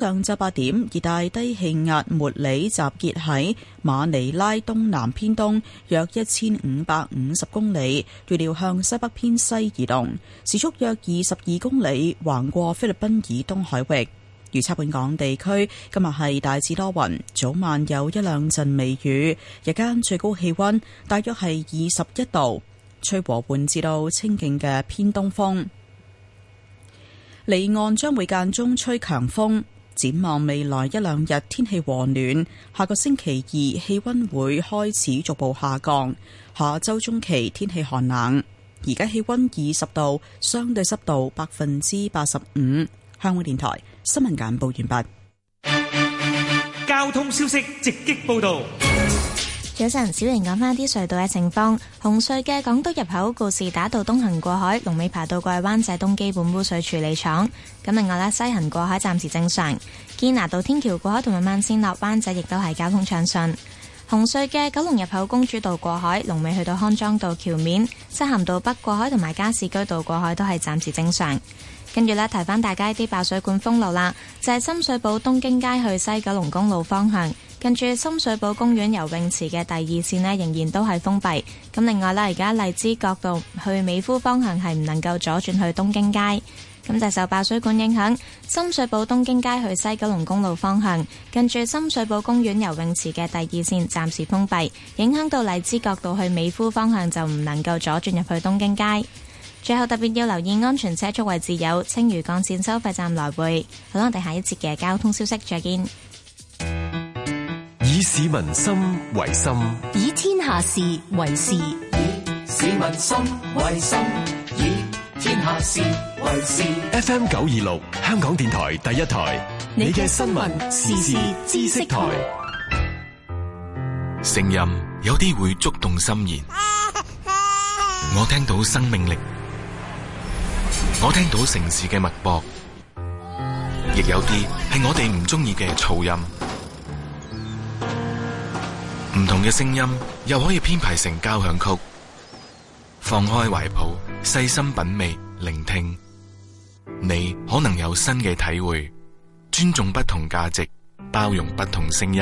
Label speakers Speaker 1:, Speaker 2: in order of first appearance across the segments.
Speaker 1: 上晝八點，熱帶低氣壓莫里集結喺馬尼拉東南偏東約一千五百五十公里，預料向西北偏西移動，時速約二十二公里，橫過菲律賓以東海域。預測本港地區今日係大致多雲，早晚有一兩陣微雨，日間最高氣溫大約係二十一度，吹和緩至到清勁嘅偏東風，離岸將會間中吹強風。展望未來一兩日天氣和暖，下個星期二氣溫會開始逐步下降，下周中期天氣寒冷。而家氣溫二十度，相對濕度百分之八十五。香港電台新聞簡報完畢。
Speaker 2: 交通消息直擊報道。
Speaker 3: 早晨小瑩講返啲隧道嘅情況。紅隧嘅港島入口，告士打道東行過海，龍尾爬到過咗灣仔東基本污水處理廠。咁另外呢，西行過海暫時正常。堅拿道天橋過海同埋慢線落灣仔亦都係交通暢順。紅隧嘅九龍入口，公主道過海，龍尾去到康莊道橋面，漆咸道北過海同埋加士居道過海都係暫時正常。跟住呢，提翻大家啲爆水管封路啦，就係、是、深水埗東京街去西九龍公路方向。近住深水埗公園游泳池嘅第二線仍然都係封閉。咁另外啦，而家荔枝角道去美孚方向係唔能夠左轉去東京街。咁就受爆水管影響，深水埗東京街去西九龍公路方向，近住深水埗公園游泳池嘅第二線暫時封閉，影響到荔枝角道去美孚方向就唔能夠左轉入去東京街。最後特別要留意安全車速位置有青嶼幹線收費站來回。好啦，我哋下一節嘅交通消息，再見。
Speaker 2: 以市民心為心，
Speaker 3: 以天下事為事。以
Speaker 4: 市民心為心，以天下事
Speaker 2: 為事。FM 九二六，香港電台第一台，
Speaker 4: 你嘅新聞、時事、知識台。
Speaker 2: 聲音有啲會觸動心弦，啊啊、我聽到生命力，我聽到城市嘅脈搏，亦有啲係我哋唔中意嘅噪音。唔同嘅聲音又可以編排成交響曲，放開懷抱，細心品味聆聽，你可能有新嘅體會。尊重不同價值，包容不同聲音。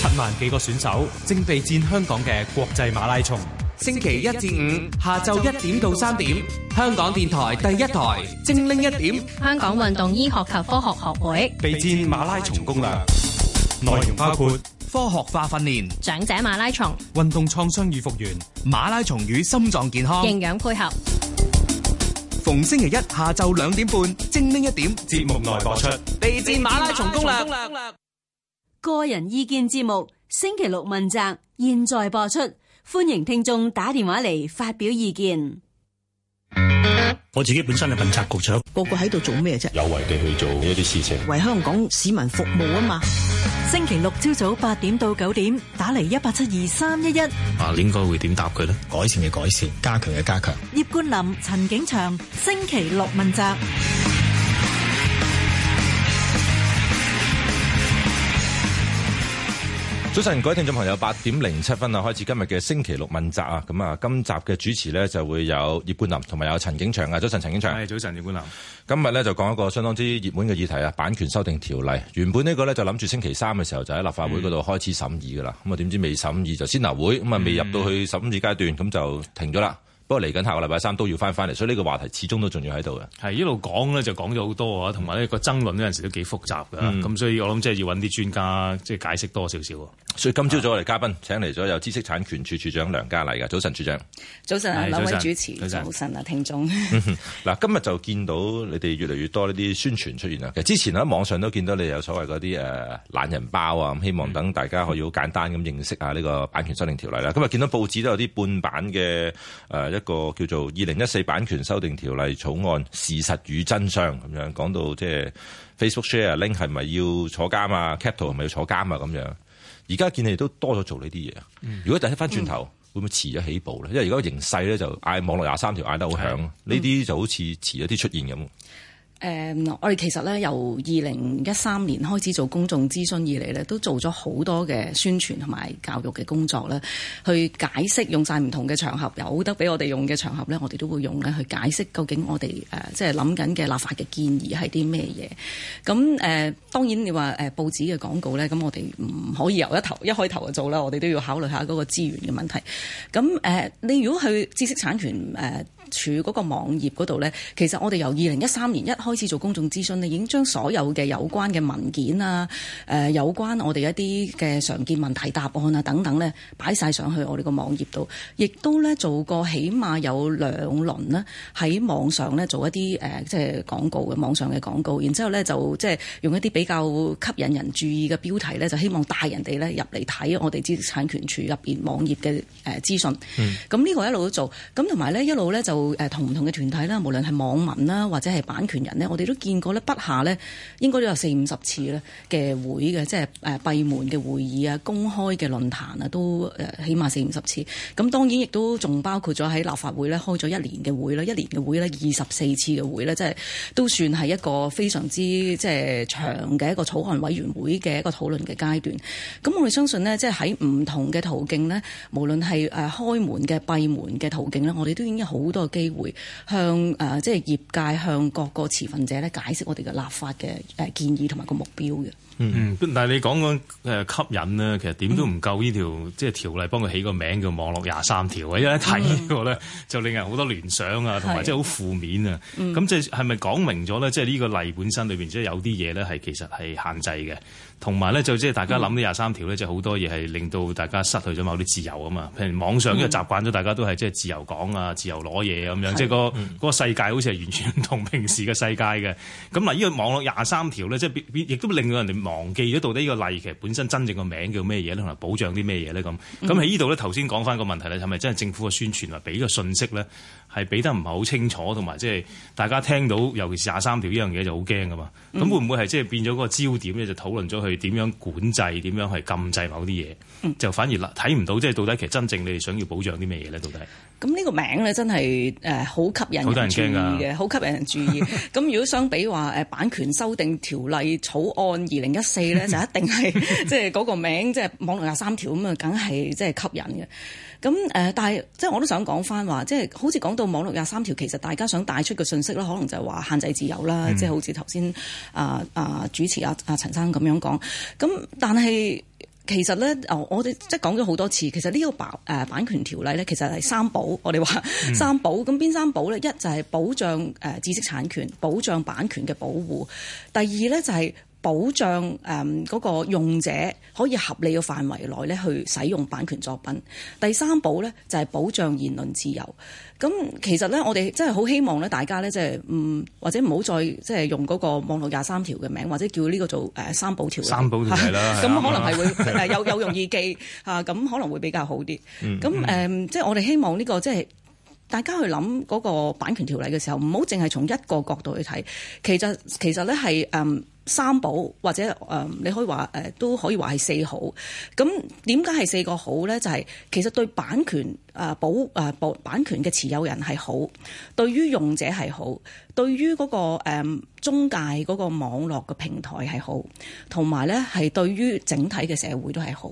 Speaker 4: 七萬幾個選手，正備戰香港嘅國際馬拉松。星期一至五下晝一點到三點，香港電台第一台，精靈一點。香港運
Speaker 3: 動醫學及科學學會
Speaker 4: 備戰馬拉松功能。內容包括科學化訓練、
Speaker 3: 長者馬拉松、
Speaker 4: 運動創傷與復原、馬拉松與心臟健康、營養配合。逢星期一下晝兩點半、精靈一點
Speaker 2: 節目內播出《
Speaker 4: 備戰馬拉松攻略》。
Speaker 3: 個人意見節目，星期六問責，現在播出，歡迎聽眾打電話嚟發表意見。
Speaker 2: 我自己本身係問責局長，個個喺度做咩啫？有為地去做一啲事情，
Speaker 5: 為香港市民服務啊嘛。星期六朝早八點到九點，打嚟一八七二三一
Speaker 2: 一。啊，應該會點答佢呢？改善嘅改善，加強嘅加強。
Speaker 1: 葉冠霖、陳景祥，星期六問責。
Speaker 6: 早晨，各位聽眾朋友，八點零七分開始今日嘅星期六問責啊，咁啊，今集嘅主持呢就會有葉冠霖同埋有陳景祥啊，早晨，陳景祥。係早晨，葉冠霖。今日呢就講一個相當之熱門嘅議題啊，版權修訂條例，原本呢個呢就諗住星期三嘅時候就喺立法會嗰度開始審議噶啦，咁啊點知未審議就先流會，咁啊未入到去審議階段，咁、嗯、就停咗啦。不過嚟緊下個禮拜三都要翻翻嚟，所以呢個話題始終都仲要
Speaker 2: 喺度嘅。係一路講咧就講咗好多啊，同埋呢個爭論嗰陣時都幾複雜嘅。咁、嗯、所以我諗即係要揾啲專家即係解釋多少少。
Speaker 6: 所以今朝早我哋嘉賓請嚟咗有知識產權署署長梁家麗嘅。早晨，處長。
Speaker 5: 早晨啊，兩位主持。早晨啊，聽眾。
Speaker 6: 嗱、嗯，今日就見到你哋越嚟越多呢啲宣傳出現啊。其實之前喺網上都見到你有所謂嗰啲誒懶人包啊，希望等大家可以好簡單咁認識下呢個版權修訂條例啦。今日見到報紙都有啲半版嘅誒。呃一個叫做《二零一四版權修訂條例草案》事實與真相咁樣講到，即係 Facebook share link 係咪要坐監啊？Cap 係咪要坐監啊？咁樣而家見你都多咗做呢啲嘢。
Speaker 3: 如
Speaker 6: 果突然翻轉頭，嗯、會唔會遲咗起步咧？因為而家個形勢咧就嗌網絡廿三條嗌得好響，呢啲、嗯、就好似遲咗啲出現咁。
Speaker 5: 誒，um, 我哋其實咧，由二零一三年開始做公眾諮詢以嚟咧，都做咗好多嘅宣傳同埋教育嘅工作呢，去解釋用晒唔同嘅場合，有得俾我哋用嘅場合咧，我哋都會用咧去解釋究竟我哋即係諗緊嘅立法嘅建議係啲咩嘢。咁誒、呃，當然你話誒報紙嘅廣告咧，咁我哋唔可以由一頭一開頭就做啦，我哋都要考慮下嗰個資源嘅問題。咁誒、呃，你如果去知識產權誒？呃署嗰個網頁嗰度呢，其實我哋由二零一三年一開始做公眾諮詢咧，已經將所有嘅有關嘅文件啊，誒、呃、有關我哋一啲嘅常見問題答案啊等等呢，擺晒上去我哋個網頁度，亦都呢，做過起碼有兩輪咧，喺網上呢做一啲誒、呃、即係廣告嘅網上嘅廣告，然之後呢，就即係用一啲比較吸引人注意嘅標題呢，就希望帶人哋呢入嚟睇我哋知識產權署入邊網頁嘅誒、呃、資訊。嗯。咁呢個一路都做，咁同埋呢一路呢就。誒同唔同嘅團體啦，無論係網民啦，或者係版權人呢，我哋都見過呢，不下呢應該都有四五十次呢嘅會嘅，即係誒閉門嘅會議啊，公開嘅論壇啊，都誒起碼四五十次。咁當然亦都仲包括咗喺立法會呢開咗一年嘅會啦，一年嘅會呢，二十四次嘅會呢，即係都算係一個非常之即係長嘅一個草案委員會嘅一個討論嘅階段。咁我哋相信呢，即係喺唔同嘅途徑呢，無論係誒開門嘅閉門嘅途徑呢，我哋都已經好多個機會向誒、呃，即係業界向各個持份者咧，解釋我哋嘅立法嘅誒、呃、建議同埋個目標嘅。
Speaker 2: 嗯嗯，但係你講緊誒吸引呢，其實點都唔夠呢條即係條例幫佢起個名叫網絡廿三條嘅，因為一睇呢個咧就令人好多聯想啊，同埋即係好負面啊。咁的、嗯、即係係咪講明咗咧？即係呢個例本身裏邊即係有啲嘢咧，係其實係限制嘅。同埋咧就即係大家諗呢廿三條咧，就好、嗯、多嘢係令到大家失去咗某啲自由啊嘛。譬如網上嘅習慣咗，嗯、大家都係即係自由講啊、自由攞嘢咁樣，嗯、即係、個嗰、嗯、個世界好似係完全唔同平時嘅世界嘅。咁嗱，呢個網絡廿三條咧，即係亦都令到人哋忘記咗到底呢個例其實本身真正個名叫咩嘢同埋保障啲咩嘢咧咁。咁喺呢度咧，頭先講翻個問題咧，係咪真係政府嘅宣傳同俾個信息咧？係俾得唔係好清楚，同埋即係大家聽到，尤其是廿三條依樣嘢就好驚噶嘛。咁會唔會係即係變咗嗰個焦點咧？就討論咗佢點樣管制、點樣係禁制某啲嘢，嗯、就反而睇唔到即係到底其實真正你哋想要保障啲咩嘢咧？到底
Speaker 5: 咁呢個名咧真係誒好吸引，好多人驚㗎，好吸引人注意。咁如果相比話、呃、版權修訂條例草案二零一四咧，就一定係 即係嗰個名即係網絡廿三條咁啊，梗係即係吸引嘅。咁誒，但係即係我都想講翻話，即係好似講到網絡廿三條，其實大家想帶出嘅信息啦，可能就係話限制自由啦，即係好似頭先啊啊主持阿阿陳生咁樣講。咁但係其實咧，哦，我哋即係講咗好多次，其實呢個版版權條例咧，其實係三保，我哋話三保。咁邊、嗯、三保咧？一就係保障誒知識產權，保障版權嘅保護。第二咧就係、係。保障誒嗰、嗯，那個用者可以合理嘅範圍內咧，去使用版權作品。第三保咧就係、是、保障言論自由。咁其實咧，我哋真係好希望咧，大家咧即係嗯，或者唔好再即係、就是、用嗰個《網絡廿三條》嘅名，或者叫呢個做誒三保條。三保條啦，咁可能係會誒的又，又容易記嚇，咁、 啊、可能會比較好啲。咁誒、嗯，嗯嗯、即係我哋希望呢、這個即係、就是、大家去諗嗰個版權條例嘅時候，唔好淨係從一個角度去睇。其實其實咧係誒。三保或者誒，你可以話誒，都可以話係四好。咁點解係四個好咧？就係其實對版權啊保啊保版權嘅持有人係好，對於用者係好，對於嗰個誒中介嗰個網絡嘅平台係好，同埋咧係對於整體嘅社會都係好。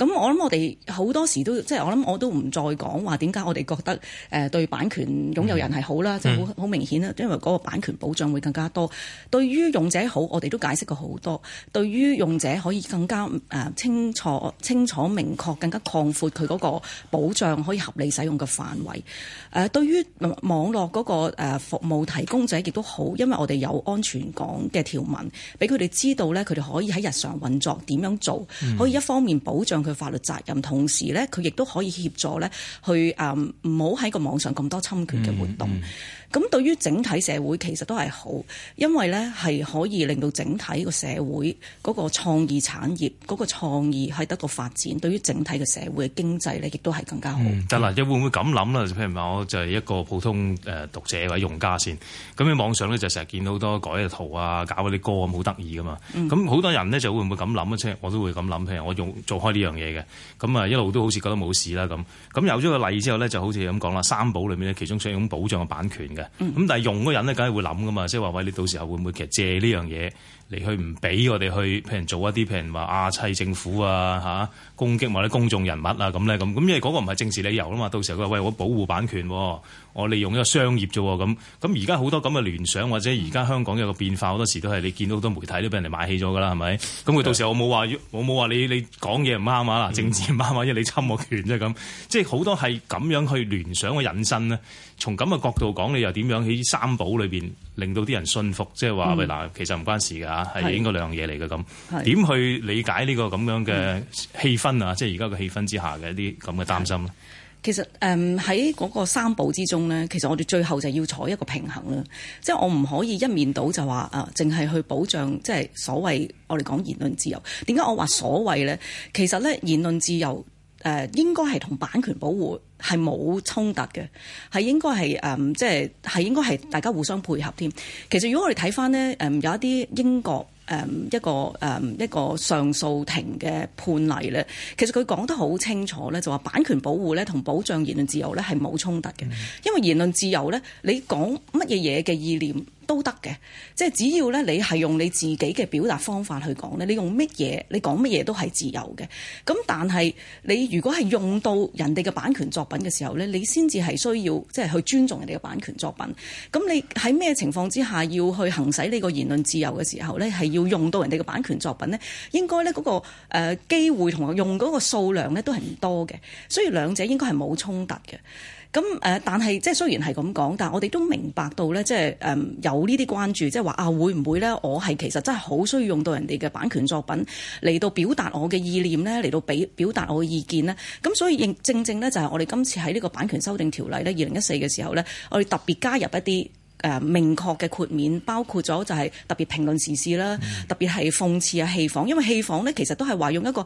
Speaker 5: 咁我諗我哋好多時都即係，就是，我諗我都唔再講話點解我哋覺得誒對版權擁有人係好啦，嗯、就好好明顯啦，嗯、因為嗰個版權保障會更加多。對於用者好，我哋都解釋過好多。對於用者可以更加誒、呃、清楚、清楚、明確、更加擴闊佢嗰個保障可以合理使用嘅範圍。誒，對於網絡嗰個誒服務提供者亦都好，因為我哋有安全港嘅條文，俾佢哋知道咧，佢哋可以喺日常運作點樣做，可以一方面保障佢。嘅法律責任，同時咧，佢亦都可以協助咧，去誒唔好喺個網上咁多侵權嘅活動。嗯嗯咁對於整體社會其實都係好，因為咧係可以令到整體個社會嗰個創意產業嗰、嗰個創意係得到發展，對於整體嘅社會嘅經濟咧亦都係更加好。
Speaker 2: 得啦、嗯，你會唔會咁諗啦？譬如話，我就係一個普通誒讀者或者用家先。咁喺網上咧就成日見到好多改嘅圖啊，搞嗰啲歌咁好得意㗎嘛。咁好、嗯、多人咧就會唔會咁諗啊？即係我都會咁諗。譬如我用做開呢樣嘢嘅，咁啊一路都好似覺得冇事啦咁。咁有咗個例子之後咧，就好似咁講啦，三寶裏面呢，其中想用保障嘅版權咁，嗯，但係用嗰人咧，梗係會諗噶嘛，即係話，喂，你到時候會唔會其實借呢樣嘢？嚟去唔俾我哋去，譬如做一啲譬如話壓、啊、砌政府啊，嚇、啊、攻擊或者公眾人物啊，咁咧咁，咁因為嗰個唔係政治理由啊嘛，到時候佢話喂我保護版權、啊，我利用呢個商業啫，咁咁而家好多咁嘅聯想，或者而家香港有個變化，好多時都係你見到好多媒體都俾人哋買起咗㗎啦，係咪？咁佢的到時候我冇話，我冇話你你講嘢唔啱啊，政治唔啱啊，因為你侵我權啫咁，即係好多係咁樣去聯想嘅引申咧。從咁嘅角度講，你又點樣喺三寶裏邊？令到啲人信服，即係話喂嗱，其實唔關事㗎嚇，係應該兩是樣嘢嚟嘅咁。點去理解呢個咁樣嘅氣氛啊？是即係而家嘅氣氛之下嘅一啲咁嘅擔心咧、嗯。
Speaker 5: 其實誒喺嗰個三步之中咧，其實我哋最後就係要採一個平衡啦。即係我唔可以一面倒就話誒，淨係去保障即係所謂我哋講言論自由。點解我話所謂咧？其實咧言論自由。誒應該係同版權保護係冇衝突嘅，係應該係誒，即係係應該係大家互相配合添。其實如果我哋睇翻呢，誒、呃、有一啲英國誒、呃、一個誒、呃、一個上訴庭嘅判例咧，其實佢講得好清楚咧，就話版權保護咧同保障言論自由咧係冇衝突嘅，因為言論自由咧你講乜嘢嘢嘅意念都得嘅，即係只要咧，你係用你自己嘅表達方法去講咧，你用乜嘢，你講乜嘢都係自由嘅。咁但係你如果係用到人哋嘅版權作品嘅時候咧，你先至係需要即係、就是、去尊重人哋嘅版權作品。咁你喺咩情況之下要去行使呢個言論自由嘅時候咧，係要用到人哋嘅版權作品咧，應該咧嗰個誒機、呃、會同用嗰個數量咧都係唔多嘅，所以兩者應該係冇衝突嘅。咁誒、嗯，但係即係雖然係咁講，但係我哋都明白到咧，即係誒有呢啲關注，即係話啊，會唔會咧？我係其實真係好需要用到人哋嘅版權作品嚟到表達我嘅意念咧，嚟到俾表達我嘅意見咧。咁、嗯、所以正正咧，就係我哋今次喺呢個版權修訂條例咧，二零一四嘅時候咧，我哋特別加入一啲。誒、呃、明確嘅豁免，包括咗就係特別評論時事啦，嗯、特別係諷刺啊、戲仿，因為戲仿咧，其實都係話用一個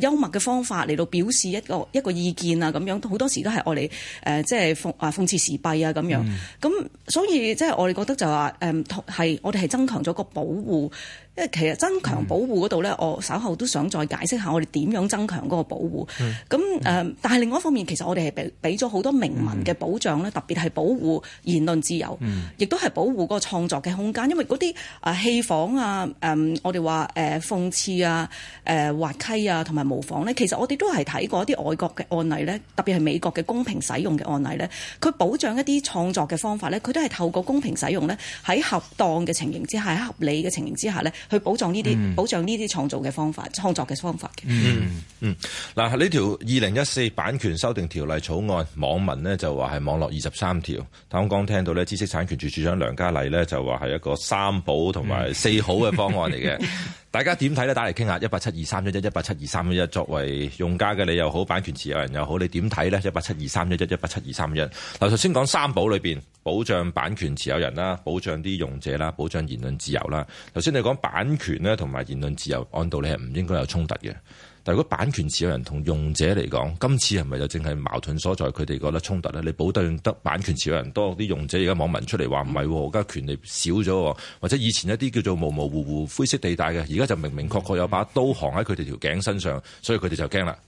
Speaker 5: 幽默嘅方法嚟到表示一個一個意見啊，咁樣好多時都係我哋誒即係諷啊諷刺時弊啊咁樣，咁、嗯、所以即係我哋覺得就話誒係我哋係增強咗個保護。因為其實增強保護嗰度咧，嗯、我稍後都想再解釋下我哋點樣增強嗰個保護。咁誒、嗯呃，但係另外一方面，其實我哋係俾俾咗好多明文嘅保障咧，嗯、特別係保護言論自由，亦都係保護個個創作嘅空間。因為嗰啲啊戲仿啊誒、呃，我哋話誒諷刺啊誒、呃、滑稽啊同埋模仿咧，其實我哋都係睇過一啲外國嘅案例咧，特別係美國嘅公平使用嘅案例咧，佢保障一啲創作嘅方法咧，佢都係透過公平使用咧，喺合當嘅情形之下，喺合理嘅情形之下咧。去保障呢啲保障呢啲創造嘅方法、嗯、創作嘅方法嘅、
Speaker 3: 嗯。嗯
Speaker 6: 嗯，嗱，呢條二零一四版權修訂條例草案，網民呢就話係網絡二十三條。啱剛剛聽到呢，知識產權署署長梁家麗呢就話係一個三保同埋四好嘅方案嚟嘅。嗯 大家點睇咧？打嚟傾下一八七二三一一一八七二三一一，31, 31，作為用家嘅你又好，版權持有人又好，你點睇咧？一八七二三一一一八七二三一。嗱，頭先講三保裏面，保障版權持有人啦，保障啲用者啦，保障言論自由啦。頭先你講版權咧，同埋言論自由，按道理係唔應該有衝突嘅。但如果版權持有人同用者嚟講，今次係咪就淨係矛盾所在？佢哋覺得衝突咧，你保得得版權持有人多啲，用者而家網民出嚟話唔係，而家權利少咗，或者以前一啲叫做模模糊糊灰色地帶嘅，而家就明明確確有把刀行喺佢哋條頸身上，所以佢哋就驚
Speaker 5: 啦。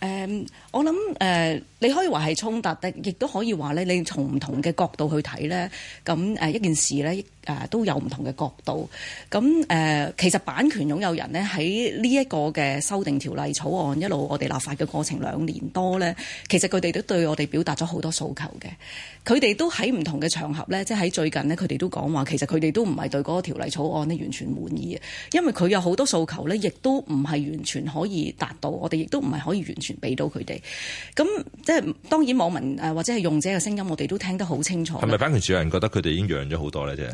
Speaker 5: 嗯，誒。我諗誒、呃，你可以話係衝突，但係亦都可以話咧，你從唔同嘅角度去睇咧，咁、呃、一件事咧、呃，都有唔同嘅角度。咁誒、呃，其實版權擁有人咧喺呢一個嘅修訂條例草案，一路我哋立法嘅過程兩年多咧，其實佢哋都對我哋表達咗好多訴求嘅。佢哋都喺唔同嘅場合咧，即係喺最近呢佢哋都講話其實佢哋都唔係對嗰個條例草案咧完全滿意嘅，因為佢有好多訴求咧，亦都唔係完全可以達到，我哋亦都唔係可以完全俾到佢哋。咁即係當然網民誒或者係用者嘅聲音，我哋都聽得好清楚。係咪版
Speaker 6: 權持有人覺得佢哋已經讓咗好多咧？啫？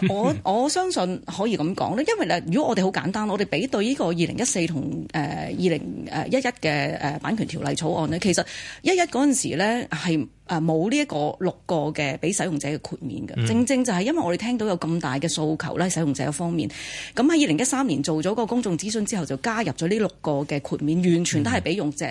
Speaker 5: 誒，我我相信可以咁講咧，因為咧，如果我哋好簡單，我哋比對呢個二零一四同誒二零誒一一嘅誒版權條例草案咧，其實一一嗰陣時咧係。誒冇呢一個六個嘅俾使用者嘅豁免嘅，正正就係因為我哋聽到有咁大嘅訴求咧，使用者方面，咁喺二零一三年做咗個公眾諮詢之後，就加入咗呢六個嘅豁免，完全都係俾用者。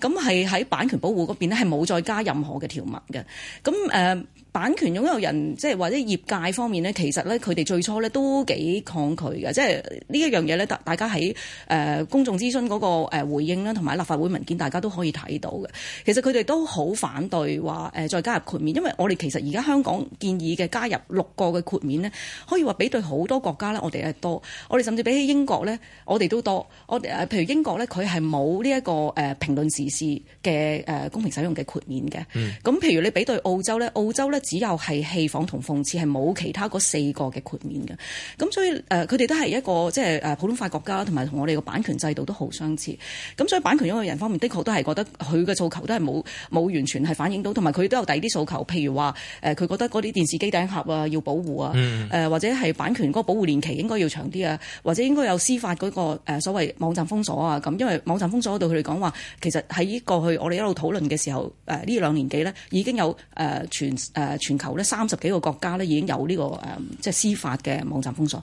Speaker 5: 咁係喺版權保護嗰邊咧，係冇再加任何嘅條文嘅。咁誒、呃、版權擁有人即係或者業界方面咧，其實咧佢哋最初咧都幾抗拒嘅，即係呢一樣嘢咧，大家喺誒、呃、公眾諮詢嗰個誒回應啦，同埋立法會文件，大家都可以睇到嘅。其實佢哋都好反對話再加入豁免，因為我哋其實而家香港建議嘅加入六個嘅豁免咧，可以話比對好多國家咧，我哋係多。我哋甚至比起英國咧，我哋都多。我哋誒譬如英國咧，佢係冇呢一個誒評論時事嘅誒公平使用嘅豁免嘅。咁、嗯、譬如你比對澳洲咧，澳洲咧只有係戲仿同諷刺，係冇其他嗰四個嘅豁免嘅。咁所以誒，佢、呃、哋都係一個即係誒普通法國家，同埋同我哋嘅版權制度都好相似。咁所以版權擁有人方面，的確都係覺得佢嘅訴求都係冇冇完全係反映到同埋佢都有第二啲訴求，譬如話誒，佢覺得嗰啲電視機頂盒啊要保護啊，嗯嗯或者係版權嗰個保護年期應該要長啲啊，或者應該有司法嗰個所謂網站封鎖啊咁，因為網站封鎖到佢哋講話，其實喺過去我哋一路討論嘅時候，誒呢兩年幾呢已經有誒全誒全球呢三十幾個國家呢已經有呢、呢個即係司法嘅網站封鎖，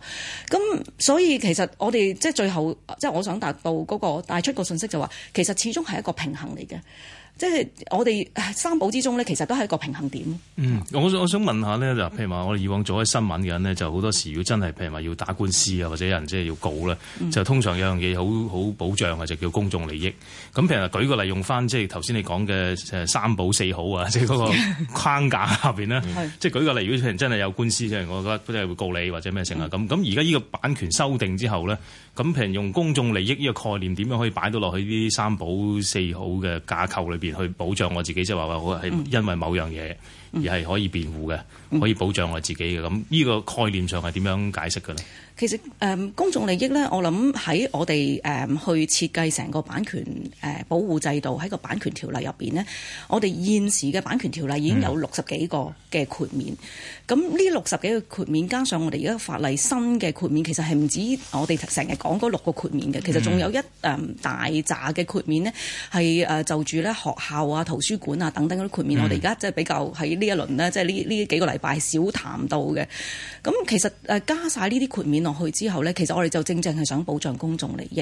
Speaker 5: 咁所以其實我哋即最後即係我想達到嗰個帶出個信息就話、是，其實始終係一個平衡嚟嘅。即係我哋三保之中咧，其實都係一個平衡點。嗯，
Speaker 2: 我我想問下咧，就譬如話我哋以往做開新聞嘅人咧，就好多時如果真係譬如話要打官司啊，或者有人即係要告呢，嗯、就通常有樣嘢好好保障嘅就叫公眾利益。咁譬如舉舉個例，用翻即係頭先你講嘅三保四好啊，即係嗰個框架下面咧， 嗯、即係舉個例，如果真係有官司，即係我覺得佢係會告你或者咩成啊咁。咁而家呢個版權修訂之後咧，咁譬如用公眾利益呢個概念點樣可以擺到落去呢啲三保四好嘅架構裏邊？去保障我自己，即係話話我係因為某樣嘢。而係可以辯護嘅，可以保障我自己嘅。咁呢個概念上係點樣解釋嘅呢？
Speaker 5: 其實誒、嗯，公眾利益咧，我諗喺我哋誒、嗯、去設計成個版權誒、呃、保護制度喺個版權條例入邊呢，我哋現時嘅版權條例已經有六十幾個嘅豁免。咁呢、嗯、六十幾個豁免，加上我哋而家法例新嘅豁免，其實係唔止我哋成日講嗰六個豁免嘅。其實仲有一誒大扎嘅豁免呢，係誒、嗯、就住咧學校啊、圖書館啊等等嗰啲豁免。嗯、我哋而家即係比較係。呢一輪呢，即係呢呢幾個禮拜少談到嘅。咁其實誒加晒呢啲豁免落去之後呢，其實我哋就正正係想保障公眾利益。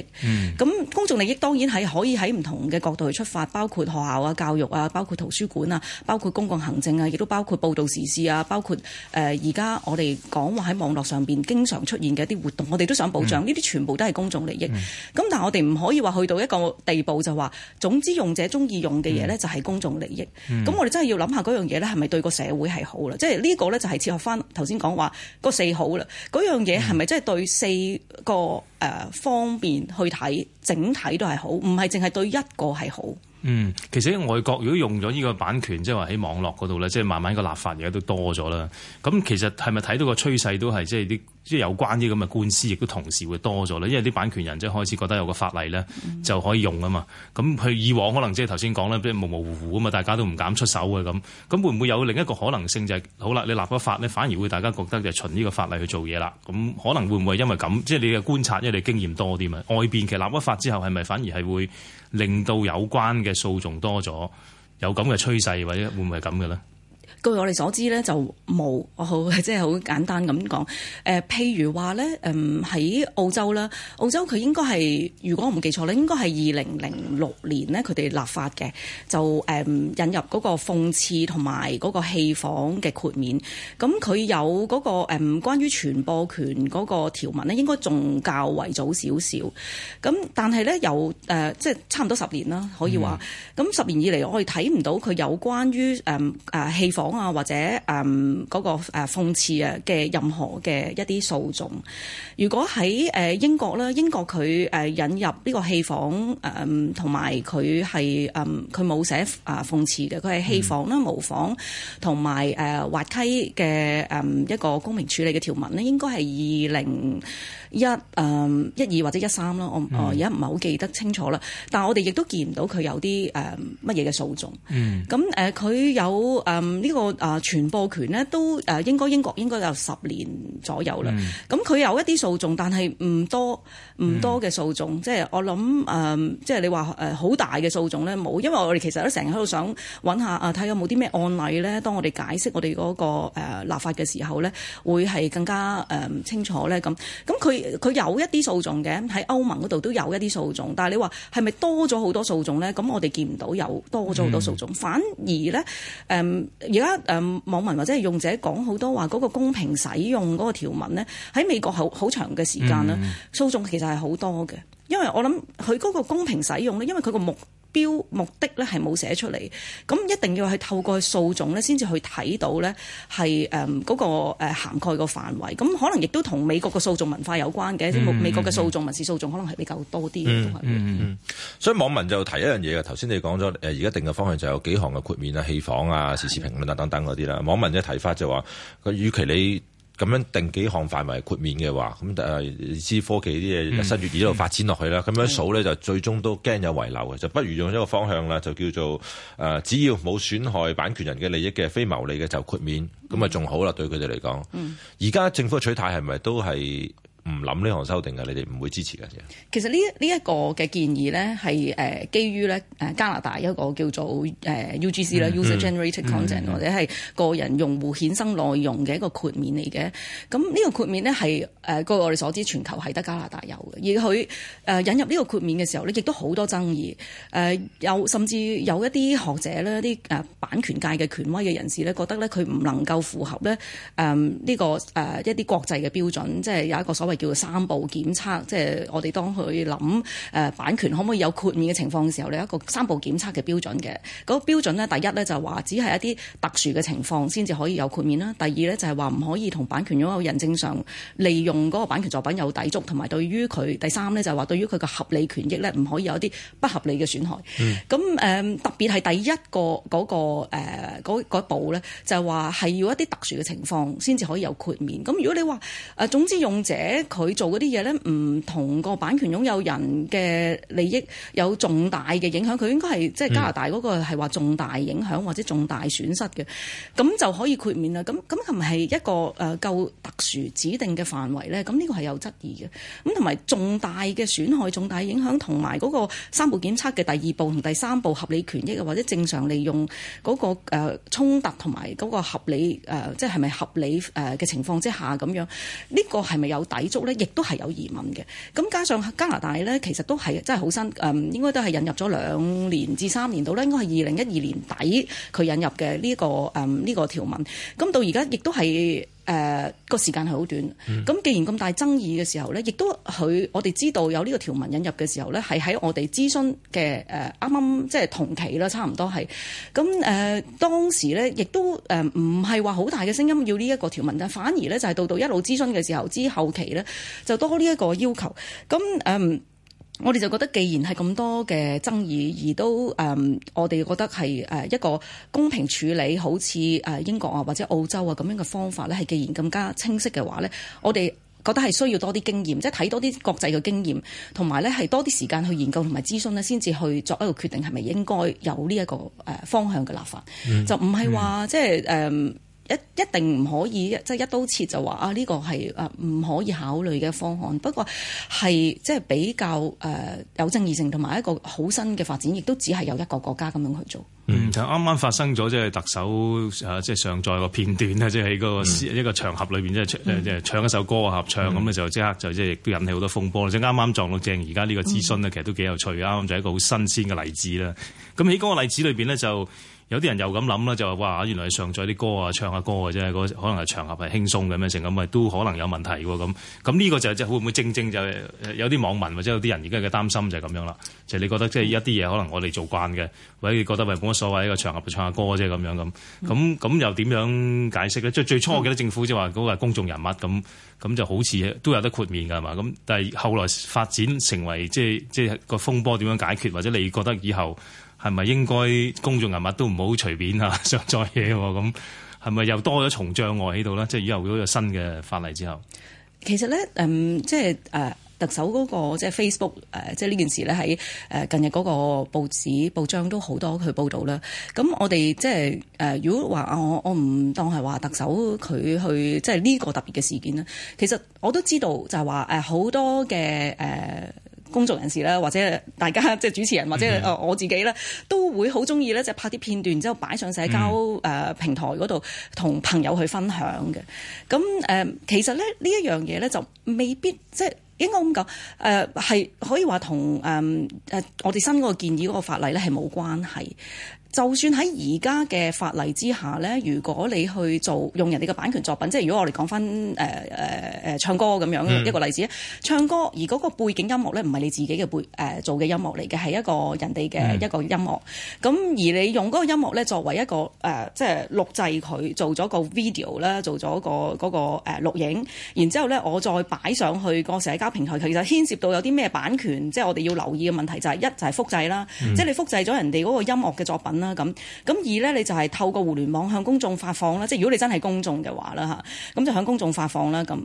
Speaker 5: 咁、嗯、公眾利益當然係可以喺唔同嘅角度去出發，包括學校啊、教育啊，包括圖書館啊，包括公共行政啊，亦都包括報道時事啊，包括誒而家我哋講話喺網絡上邊經常出現嘅一啲活動，我哋都想保障。呢啲、嗯、全部都係公眾利益。咁、嗯、但係我哋唔可以話去到一個地步就話，總之用者中意用嘅嘢呢，就係公眾利益。咁、嗯、我哋真係要諗下嗰樣嘢呢，係咪？對個社會係好啦，即係呢個咧就係切合翻頭先講話個四好啦。嗰樣嘢係咪真係對四個誒方面去睇，整體都係好，唔係淨係對一個係好。
Speaker 2: 嗯，其實喺外國如果用咗呢個版權，即係話喺網絡嗰度咧，即係慢慢個立法，而家都多咗啦。咁其實係咪睇到個趨勢都係即係啲即係有關啲咁嘅官司，亦都同時會多咗咧？因為啲版權人即係開始覺得有個法例咧就可以用啊嘛。咁佢以往可能即係頭先講咧，即係模模糊糊啊嘛，大家都唔敢出手嘅。咁。咁會唔會有另一個可能性就係、是，好啦，你立咗法咧，反而會大家覺得就係循呢個法例去做嘢啦。咁可能會唔會因為咁，即係你嘅觀察，因為你嘅經驗多啲嘛？外邊其實立咗法之後，係咪反而係會？令到有關嘅訴訟多咗，有咁嘅趨勢，或者會，會，唔會，係咁嘅咧？
Speaker 5: 據我哋所知咧，就冇，我好即係好簡單咁講。誒、呃，譬如話咧，誒、嗯、喺澳洲啦，澳洲佢應該係，如果我唔記錯咧，應該係二零零六年咧，佢哋立法嘅，就誒、嗯、引入嗰個諷刺同埋嗰個戲仿嘅豁免。咁佢有嗰、那個誒、嗯、關於傳播權嗰個條文咧，應該仲較為早少少。咁但係咧，有誒、呃，即係差唔多十年啦，可以話。咁、嗯、十年以嚟，我哋睇唔到佢有關於誒誒、嗯啊、戲仿。啊，或者嗰、嗯那個誒諷刺嘅任何嘅一啲訴訟，如果喺誒英國咧，英國佢誒引入呢個戲仿，誒、嗯，同埋佢係誒佢冇寫啊諷刺嘅，佢係戲仿啦，嗯、模仿同埋誒滑稽嘅誒、嗯、一個公平處理嘅條文咧，應該係二零。一誒、嗯、一二或者一三啦，我而家唔係好記得清楚啦。嗯、但係我哋亦都見唔到佢有啲誒乜嘢嘅訴訟。嗯。咁誒佢有誒呢、嗯這個誒、啊、傳播權咧，都誒應該英國應該有十年左右啦。咁佢、嗯、有一啲訴訟，但係唔多唔多嘅訴訟。即係、嗯、我諗誒，即、嗯、係、就是、你話誒好大嘅訴訟咧冇，因為我哋其實都成日喺度想揾下啊，睇下有冇啲咩案例咧，當我哋解釋我哋嗰、那個、呃、立法嘅時候咧，會係更加誒、呃、清楚咧。咁咁佢。佢有一啲訴訟嘅，喺歐盟嗰度都有一啲訴訟，但係你話係咪多咗好多訴訟咧？咁我哋見唔到有多咗好多訴訟，嗯、反而咧，誒而家誒網民或者係用者講好多話嗰個公平使用嗰個條文咧，喺美國好好長嘅時間啦，訴訟其實係好多嘅，因為我諗佢嗰個公平使用咧，因為佢個目標目的咧，係冇寫出嚟，咁一定要去透過訴訟咧，先至去睇到咧，係誒嗰個誒涵蓋個範圍。咁可能亦都同美國嘅訴訟文化有關嘅，嗯嗯、美國嘅訴訟民事訴訟可能係比較多啲嘅，嗯嗯嗯嗯。
Speaker 6: 所以網民就提一樣嘢嘅，頭先你講咗誒而家定嘅方向就有幾行嘅豁免啊，戲仿啊、時事評論啊等等嗰啲啦。網民嘅提法就話，是，佢與其你。咁樣定幾項範圍豁免嘅話，咁誒，啊、知科技啲嘢日新月異度發發展落去啦。咁樣數咧就最終都驚有遺漏嘅，就不如用一個方向啦，就叫做誒、呃，只要冇損害版權人嘅利益嘅非牟利嘅就豁免，咁啊仲好啦、嗯、對佢哋嚟講。而家、嗯、政府嘅取態係咪都係？唔諗呢項修訂嘅，你哋唔會支持啫。
Speaker 5: 其實呢一呢一個嘅建議咧，係誒基於咧誒加拿大一個叫做誒 UGC 咧，user generated content、mm hmm. 或者係個人用戶衍生內容嘅一個豁免嚟嘅。咁呢個豁免咧係誒據我哋所知，全球係得加拿大有嘅。而佢誒引入呢個豁免嘅時候咧，亦都好多爭議。誒、呃、有甚至有一啲學者咧、啲誒版權界嘅權威嘅人士咧，覺得咧佢唔能夠符合咧誒呢個誒、呃、一啲國際嘅標準，即係有一個所謂。叫做三步檢測，即係我哋當佢諗誒版權可唔可以有豁免嘅情況嘅時候呢，一個三步檢測嘅標準嘅嗰個標準呢，第一呢就係話只係一啲特殊嘅情況先至可以有豁免啦。第二呢就係話唔可以同版權擁有人正常利用嗰個版權作品有抵觸，同埋對於佢第三呢，就係話對於佢嘅合理權益呢，唔可以有一啲不合理嘅損害。咁誒特別係第一個嗰個誒嗰嗰一步呢，就係話係要一啲特殊嘅情況先至可以有豁免。咁如果你話誒總之用者佢做嗰啲嘢咧，唔同個版權擁有人嘅利益有重大嘅影響，佢應該係即係加拿大嗰個係話重大影響或者重大損失嘅，咁、嗯、就可以豁免啦。咁咁係咪係一個誒、呃、夠特殊指定嘅範圍咧？咁呢個係有質疑嘅。咁同埋重大嘅損害、重大影響同埋嗰三步檢測嘅第二步同第三步合理權益啊或者正常利用嗰誒衝突同埋嗰合理誒即係係咪合理誒嘅情況之下咁樣？呢、呢個係咪有底？亦都係有疑問嘅。咁加上加拿大咧，其實都係真係好新，誒，應該都係引入咗兩年至三年到啦。應該係二零一二年底佢引入嘅呢個誒，呢個條文。咁到而家亦都係。誒個、呃、時間係好短，咁、嗯、既然咁大爭議嘅時候咧，亦都佢我哋知道有呢個條文引入嘅時候咧，係喺我哋諮詢嘅誒啱啱即係同期啦，差唔多係，咁、呃、誒當時咧亦都誒唔係話好大嘅聲音要呢一個條文，但反而咧就係到到一路諮詢嘅時候，之後期咧就多呢一個要求，咁、嗯、誒。我哋就覺得，既然係咁多嘅爭議，而都誒、嗯，我哋覺得係誒一個公平處理，好似誒英國啊或者澳洲啊咁樣嘅方法咧，係既然更加清晰嘅話咧，我哋覺得係需要多啲經驗，即係睇多啲國際嘅經驗，同埋咧係多啲時間去研究同埋諮詢咧，先至去作一個決定係咪應該有呢一個誒方向嘅立法，嗯、就唔係話即係誒。嗯。一一定唔可以即係一刀切就話啊呢、呢個係誒唔可以考慮嘅方案，不過係即係比較誒有爭議性同埋一個好新嘅發展，亦都只係有一個國家咁樣去做。嗯，
Speaker 2: 就啱、是、啱發生咗即係特首即係、啊就係、上載個片段咧，即係喺嗰個、嗯、一個場合裏邊即係唱一首歌合唱咁嘅時候，嗯、即刻就即係亦都引起好多風波。即係啱啱撞到正而家呢個諮詢咧，其實都幾有趣啊，嗯、啱啱就係一個好新鮮嘅例子啦。咁喺嗰個例子裏邊呢，就。有啲人又咁諗啦，就話哇，原來上載啲歌啊，唱下歌嘅啫，可能係場合係輕鬆咁樣成，咁咪都可能有問題喎咁。咁呢個就即係會唔會正正就有啲網民或者有啲人而家嘅擔心就係咁樣啦。就係你覺得即係一啲嘢可能我哋做慣嘅，或者你覺得為冇乜所謂，一個場合唱下歌即係咁樣咁。咁咁又點樣解釋咧？即係最初我記得政府即係話嗰個公眾人物咁，咁就好似都有得豁免嘅嘛。咁但係後來發展成為即係即係個風波點樣解決，或者你覺得以後？係咪應該公眾人物都唔好隨便啊上載嘢喎？咁係咪又多咗重障礙喺度呢？即係以後會有新嘅法例之後，其實
Speaker 5: 呢，嗯，即係誒特首嗰個即係 Facebook 誒，即係呢件事呢，喺誒近日嗰個報紙報章都好多佢報導啦。咁我哋即係誒，如果話我我唔當係話特首佢去即係呢個特別嘅事件呢，其實我都知道就係話誒好多嘅誒。呃工作人士啦，或者大家即係主持人，或者誒我自己咧，mm hmm. 都會好中意咧，就拍啲片段之後擺上社交誒平台嗰度，同、mm hmm. 朋友去分享嘅。咁誒，其實咧呢一樣嘢咧，就未必即係應該咁講誒，係可以話同誒誒，我哋新嗰個建議嗰個法例咧係冇關係。就算喺而家嘅法例之下咧，如果你去做用人哋嘅版權作品，即係如果我哋講翻誒誒誒唱歌咁樣、mm. 一個例子，唱歌而嗰背景音樂咧唔係你自己嘅背誒、呃、做嘅音樂嚟嘅。係一個人哋嘅一個音樂，咁、mm. 而你用嗰音樂咧作為一個誒、呃、即係錄製佢做咗個 video 啦，做咗個嗰個誒錄影，然之後咧我再擺上去個社交平台，其實牽涉到有啲咩版權，即係我哋要留意嘅問題就係、是、一就係、是、複製啦，mm. 即係你複製咗人哋嗰音樂嘅作品啦。咁，咁二咧，你就係透過互聯網向公眾發放啦，即係如果你真係公眾嘅話啦吓，咁就向公眾發放啦咁，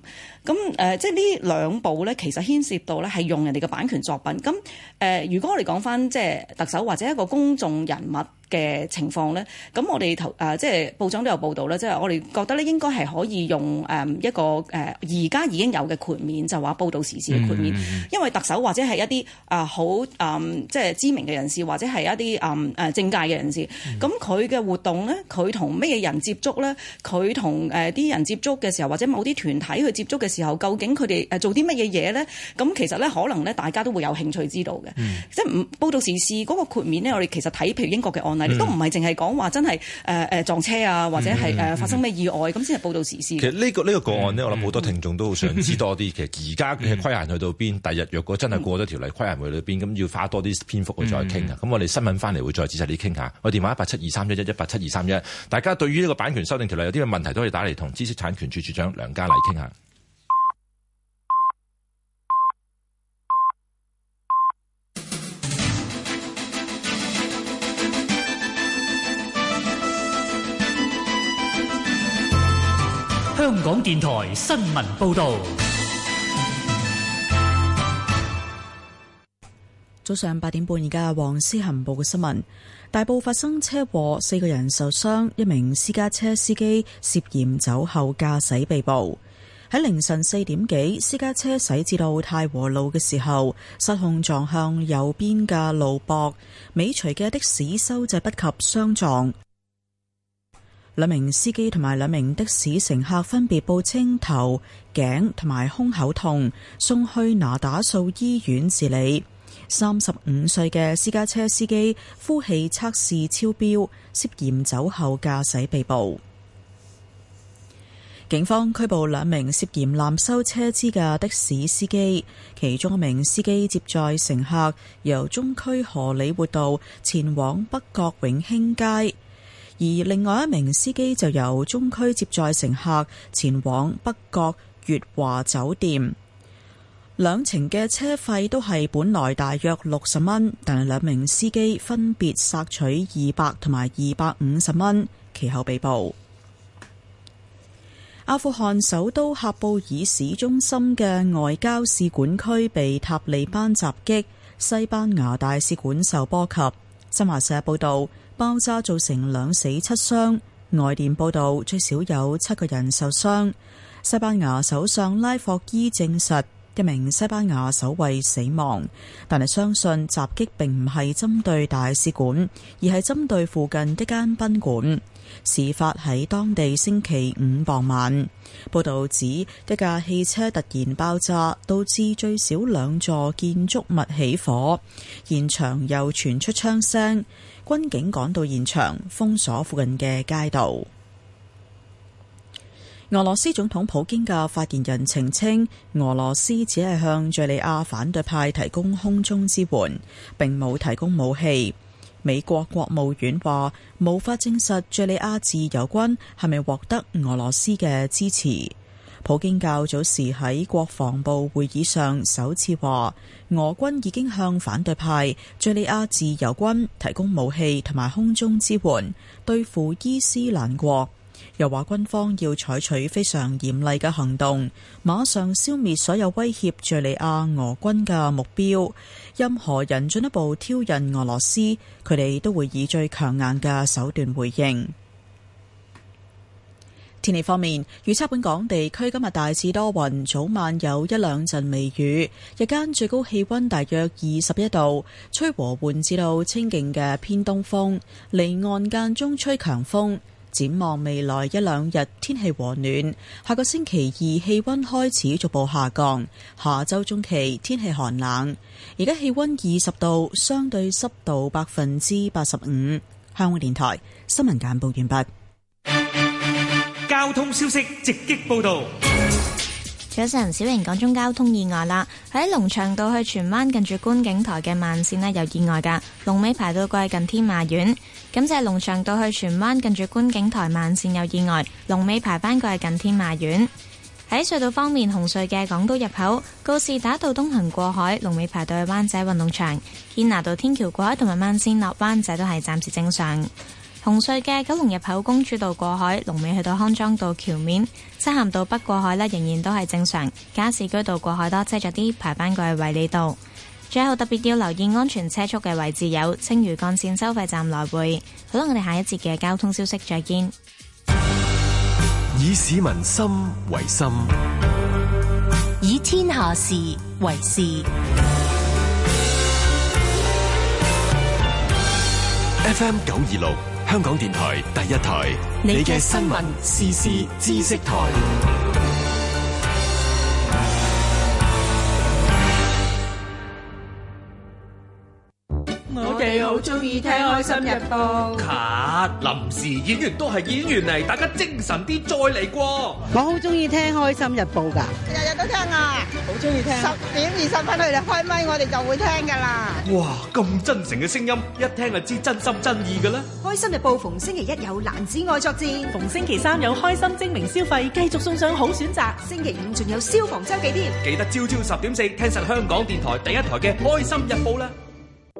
Speaker 5: 咁誒、呃，即係呢兩步咧，其實牽涉到咧係用人哋嘅版權作品，咁誒、呃，如果我哋講翻即係特首或者一個公眾人物。嘅情況咧，咁我哋頭、呃、即係報章都有報道啦。即係我哋覺得咧應該係可以用誒、嗯、一個誒而家已經有嘅豁免，就話、是、報導時事嘅豁免，mm hmm. 因為特首或者係一啲啊、呃、好嗯、呃、即係知名嘅人士，或者係一啲嗯、呃、政界嘅人士，咁佢嘅活動呢，佢同咩嘢人接觸呢？佢同啲人接觸嘅時候，或者某啲團體去接觸嘅時候，究竟佢哋做啲乜嘢嘢呢？咁其實呢，可能呢，大家都會有興趣知道嘅，mm hmm. 即係唔報導時事嗰個豁免呢，我哋其實睇譬如英國嘅案。你都唔係淨係講話真係誒誒撞車啊，或者係誒發生咩意外咁先係報道時事。其實
Speaker 6: 呢、這個呢、這個個案呢、嗯、我諗好多聽眾都想知道多啲。嗯、其實而家嘅規限去到邊，第日若果真係過咗條例規、嗯、限去到邊，咁要花多啲篇幅去再傾啊。咁、嗯、我哋新聞翻嚟會再仔細啲傾下。我電話一八七二三一一一八七二三一，大家對於呢個版權修訂條例有啲咩問題都可以打嚟同知識產權署署長梁家麗傾下。
Speaker 1: 香港電台新聞報道：早上八點半，而家黃思恒報嘅新聞，大埔發生車禍，四個人受傷，一名私家車司機涉嫌酒後駕駛被捕。喺凌晨四點幾，私家車駛至到太和路嘅時候失控撞向右邊嘅路壆，尾隨嘅的士收掣不及相撞。兩名司機同埋兩名的士乘客分別報稱頭頸同埋胸口痛，送去那打素醫院治理。三十五歲嘅私家車司機呼氣測試超標，涉嫌酒後駕駛被捕。警方拘捕兩名涉嫌濫收車資嘅的、的士司機，其中一名司機接載乘客由中區荷里活道前往北角永興街。而另外一名司機就由中區接載乘客前往北角月華酒店，兩程嘅車費都係本來大約六十蚊，但係兩名司機分別索取二百同埋二百五十蚊，其後被捕。阿富汗首都喀布爾市中心嘅外交使館區被塔利班襲擊，西班牙大使館受波及。新華社報道。爆炸造成兩死七傷，外電報道最少有七個人受傷。西班牙首相拉霍伊證實一名西班牙守衛死亡，但係相信襲擊並唔係針對大使館，而係針對附近的一間賓館。事發喺當地星期五傍晚，報道指一架汽車突然爆炸，導致最少兩座建築物起火，現場又傳出槍聲，軍警趕到現場封鎖附近嘅街道。俄羅斯總統普京嘅發言人澄清，俄羅斯只係向敘利亞反對派提供空中支援，並冇提供武器。美國國務院話無法證實敘利亞自由軍係咪獲得俄羅斯嘅支持。普京較早時喺國防部會議上首次話，俄軍已經向反對派敘利亞自由軍提供武器同埋空中支援，對付伊斯蘭國。又話軍方要採取非常嚴厲嘅行動，馬上消滅所有威脅敘利亞俄軍嘅目標。任何人進一步挑釁俄羅斯，佢哋都會以最強硬嘅手段回應。天氣方面，預測本港地區今日大致多雲，早晚有一兩陣微雨，日間最高氣溫大約二十一度，吹和緩至到清勁嘅偏東風，離岸間中吹強風。展望未來一兩日天氣和暖，下個星期二氣溫開始逐步下降，下周中期天氣寒冷。而家氣溫二十度，相對濕度百分之八十五。香港電台新聞簡報完畢。
Speaker 3: 交通消息直擊報道。早晨，小瑩講中交通意外啦。喺龍翔道去荃灣近住觀景台嘅慢綫呢，有意外噶，龍尾排到過去近天馬苑。咁就係龍翔道去荃灣近住觀景台慢綫有意外，龍尾排翻過去近天馬苑。喺隧道方面，紅隧嘅港島入口、告士打道東行過海，龍尾排到去灣仔運動場、堅拿道天橋過海，同埋慢綫落灣仔都係暫時正常。紅隧嘅九龍入口，公主道過海，龍尾去到康莊道橋面；漆咸道北過海呢，仍然都係正常。加士居道過海多車咗啲，排班過去衛理道。最後特別要留意安全車速嘅位置，有青嶼幹線收費站來回。好啦，我哋下一節嘅交通消息再見。
Speaker 4: 以市民心為心，
Speaker 3: 以天下事為事。
Speaker 4: F M 九二六。香港電台第一台，你嘅新聞時事知識台。
Speaker 5: 好中意聽開心日報，
Speaker 4: 卡臨時演員都係演員嚟，大家精神啲再嚟過。我好中意聽開心日報噶，日日都
Speaker 5: 聽啊，好中意聽。十點二十分去開咪，我哋就會聽噶啦。
Speaker 4: 哇，咁真誠嘅聲音，一聽就知真心真意噶啦。
Speaker 5: 開心日報逢星期一有男子愛作戰，逢星期三有開心精明消費，繼續送上好選擇。星期五仲有消防周記添，
Speaker 4: 記得朝朝十點四聽實香港電台第一台嘅開心日報啦。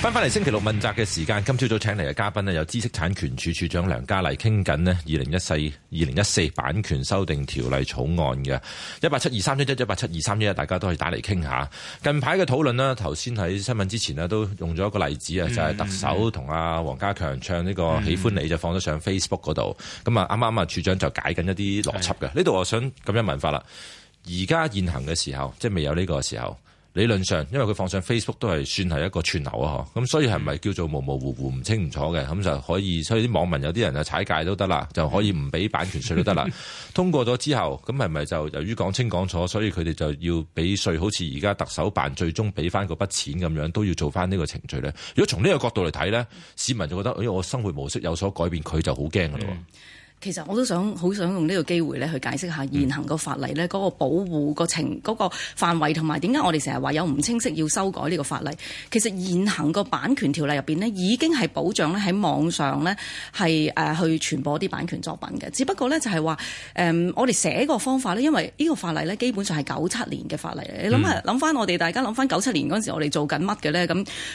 Speaker 6: 翻翻嚟，星期六問責嘅時間，今朝早請嚟嘅嘉賓呢，有知識產權署署長梁家麗，傾緊呢二零一四二零一四版權修訂條例草案嘅。一八七二三一一一八七二三一一，大家都可以打嚟傾下。近排嘅討論呢，頭先喺新聞之前呢都用咗一個例子啊，嗯、就係特首同阿黃家強唱呢個《喜歡你》就放咗上 Facebook 嗰度。咁啊、嗯，啱啱啊，處長就解緊一啲邏輯嘅。呢度是我想咁樣問法啦，而家現行嘅時候，即係未有呢個時候。理論上，因為佢放上 Facebook 都係算係一個串流啊，嗬，咁所以係咪叫做模模糊糊、唔清唔楚嘅？咁就可以，所以啲網民有啲人就踩界都得啦，就可以唔俾版權稅都得啦。通過咗之後，咁係咪就由於講清講楚，所以佢哋就要俾稅？好似而家特首辦最終俾翻嗰筆錢咁樣，都要做翻呢個程序咧。如果從呢個角度嚟睇咧，市民就覺得，因、哎、我生活模式有所改變，佢就好驚喇咯。
Speaker 5: 其實我都想好想用呢個機會咧，去解釋下現行個法例咧，嗰、嗯、個保護、嗰個程嗰、嗰個範圍同埋點解我哋成日話有唔清晰要修改呢個法例。其實現行個版權條例入面呢，已經係保障咧喺網上咧係誒去傳播啲版權作品嘅。只不過咧就係話誒，我哋寫個方法咧，因為呢個法例咧基本上係九七年嘅法例。你諗下，諗翻我哋大家諗翻九七年嗰陣時，我哋做緊乜嘅咧？咁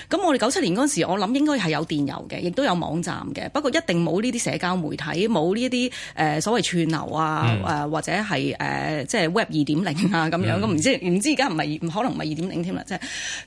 Speaker 5: 咁我哋九七年嗰陣時，我諗應該係有電郵嘅，亦都有網站嘅，不過一定冇呢啲社交媒體，冇呢啲。啲誒所謂串流啊，誒、嗯、或者係誒即係 Web 二點零啊咁樣咁唔、嗯、知唔知而家唔係唔可能唔係二點零添啦，即係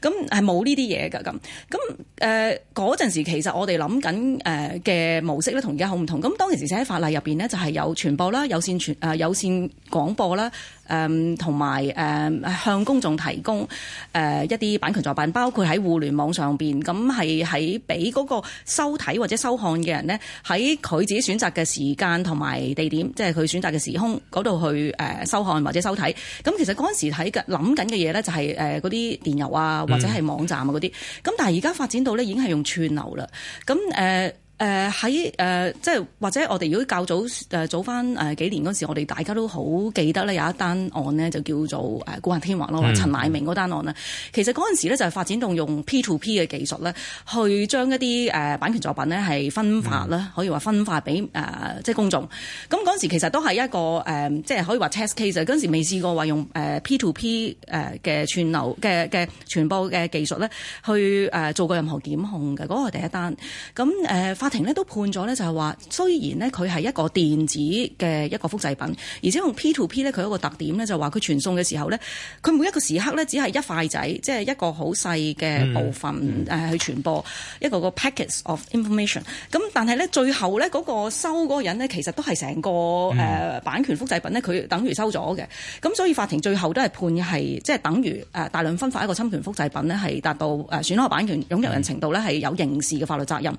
Speaker 5: 咁係冇呢啲嘢㗎，咁咁誒嗰陣時其實我哋諗緊誒嘅模式咧，同而家好唔同。咁當其時寫喺法例入邊咧，就係有傳播啦，有線傳誒、uh, 有線廣播啦，誒同埋誒向公眾提供誒、uh, 一啲版權作品，包括喺互聯網上邊，咁係喺俾嗰個收睇或者收看嘅人咧，喺佢自己選擇嘅時間。同埋地點，即係佢選擇嘅時空嗰度去誒、呃、收看或者收睇。咁其實嗰陣時睇嘅諗緊嘅嘢咧，就係誒嗰啲電郵啊，或者係網站啊嗰啲。咁、嗯、但係而家發展到咧，已經係用串流啦。咁誒。呃誒喺誒即係或者我哋如果較早誒、呃、早翻誒幾年嗰時，我哋大家都好記得咧，有一單案咧就叫做誒、呃、古惑天王咯，陳、呃、乃明嗰單案咧。嗯、其實陣時咧就係發展到用 P to P 嘅技術咧，去將一啲誒版權作品咧係分發啦，可以話分發俾誒即係公眾，咁陣時其實都係一個誒、呃，即係可以話 test case。嗰陣時未試過話用誒 P to P 誒嘅串流嘅嘅傳播嘅技術咧，去誒做過任何檢控嘅、嗰個係第一單咁誒法庭咧都判咗咧，就係話雖然咧佢係一個電子嘅一個複製品，而且用 P to P 咧，佢一個特點咧就係話佢傳送嘅時候咧，佢每一個時刻咧只係一塊仔，即、就、係、是、一個好細嘅部分誒去傳播一個個 packets of information。咁但係咧最後咧嗰個收嗰個人咧，其實都係成個誒、嗯呃、版權複製品咧，佢等於收咗嘅。咁所以法庭最後都係判係即係等於誒大量分發一個侵權複製品咧，係達到誒損害版權擁有人程度咧，係有刑事嘅法律責任。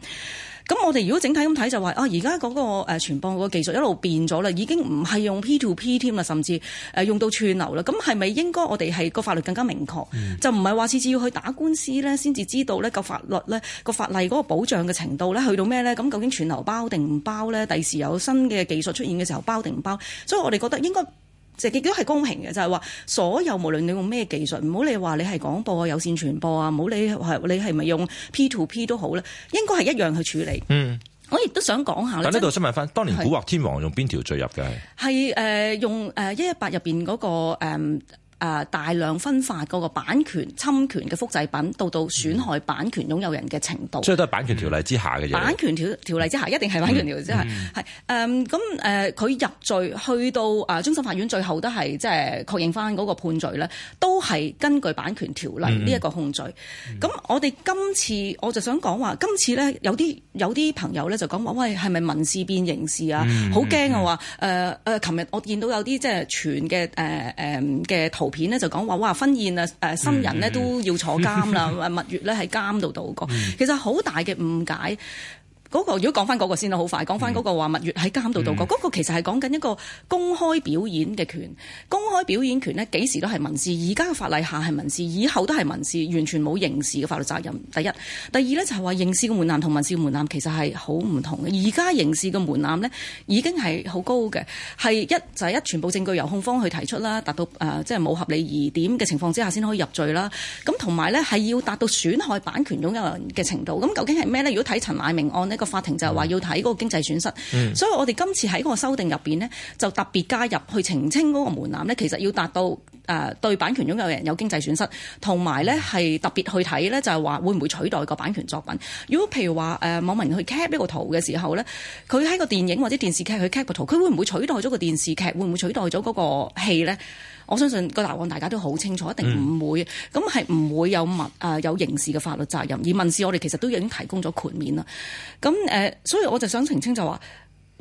Speaker 5: 咁我哋如果整體咁睇就話，啊而家嗰個誒傳播嗰個技術一路變咗啦，已經唔係用 P to P 添啦，甚至誒用到串流啦。咁係咪應該我哋係個法律更加明確？嗯、就唔係話次次要去打官司咧，先至知道呢個法律咧個法例嗰個保障嘅程度咧去到咩咧？咁究竟串流包定唔包咧？第時有新嘅技術出現嘅時候包定唔包？所以我哋覺得應該。就係亦都係公平嘅，就係話所有無論你用咩技術，唔好你話你係廣播啊、有線傳播啊，唔好你係你係咪用 P to P 都好咧，應該係一樣去處理。嗯，我亦都想講下咧。咁喺度想
Speaker 6: 問翻，的當年古惑天王用邊條罪入嘅？係
Speaker 5: 係、呃、用誒一一八入邊嗰個、呃誒大量分發嗰個版權侵權嘅複製品，到到損害版權擁有人嘅程度。所以
Speaker 6: 都係版權條例之下嘅嘢。版
Speaker 5: 權條例之下，一定係版權條例之下。係咁誒，佢、嗯呃呃、入罪去到誒終審法院，最後都係即係確認翻嗰個判罪咧，都係根據版權條例呢一個控罪。咁、嗯、我哋今次我就想講話，今次咧有啲有啲朋友咧就講話，喂係咪民事變刑事啊？好驚啊！話、嗯嗯、呃，誒，琴日我見到有啲即係傳嘅誒嘅圖。呃呃片咧就講話，哇，婚宴啊，誒、呃、新人咧都要坐監啦， 蜜月咧喺監度度過，其實好大嘅誤解。嗰、那個如果講翻嗰個先啦，好快講翻嗰個話蜜月喺監度度過嗰個，其實係講緊一個公開表演嘅權，公開表演權呢，幾時都係民事，而家嘅法例下係民事，以後都係民事，完全冇刑事嘅法律責任。第一，第二呢，就係、是、話刑事嘅門檻同民事嘅門檻其實係好唔同嘅。而家刑事嘅門檻呢，已經係好高嘅，係一就係、是、一全部證據由控方去提出啦，達到誒即係冇合理疑點嘅情況之下先可以入罪啦。咁同埋呢，係要達到損害版權擁有人嘅程度。咁究竟係咩呢？如果睇陳乃明案呢。個法庭就係話要睇嗰個經濟損失，嗯、所以我哋今次喺個修訂入面呢，就特別加入去澄清嗰個門檻呢，其實要達到誒對版權擁有人有經濟損失，同埋呢係特別去睇呢，就係話會唔會取代個版權作品？如果譬如話誒網民去 cap 一個圖嘅時候呢，佢喺個電影或者電視劇去 cap 個圖，佢會唔會取代咗個電視劇？會唔會取代咗嗰個戲呢？我相信個答案大家都好清楚，一定唔會咁係唔會有民誒有刑事嘅法律責任，而民事我哋其實都已經提供咗豁免啦。咁誒，所以我就想澄清就話。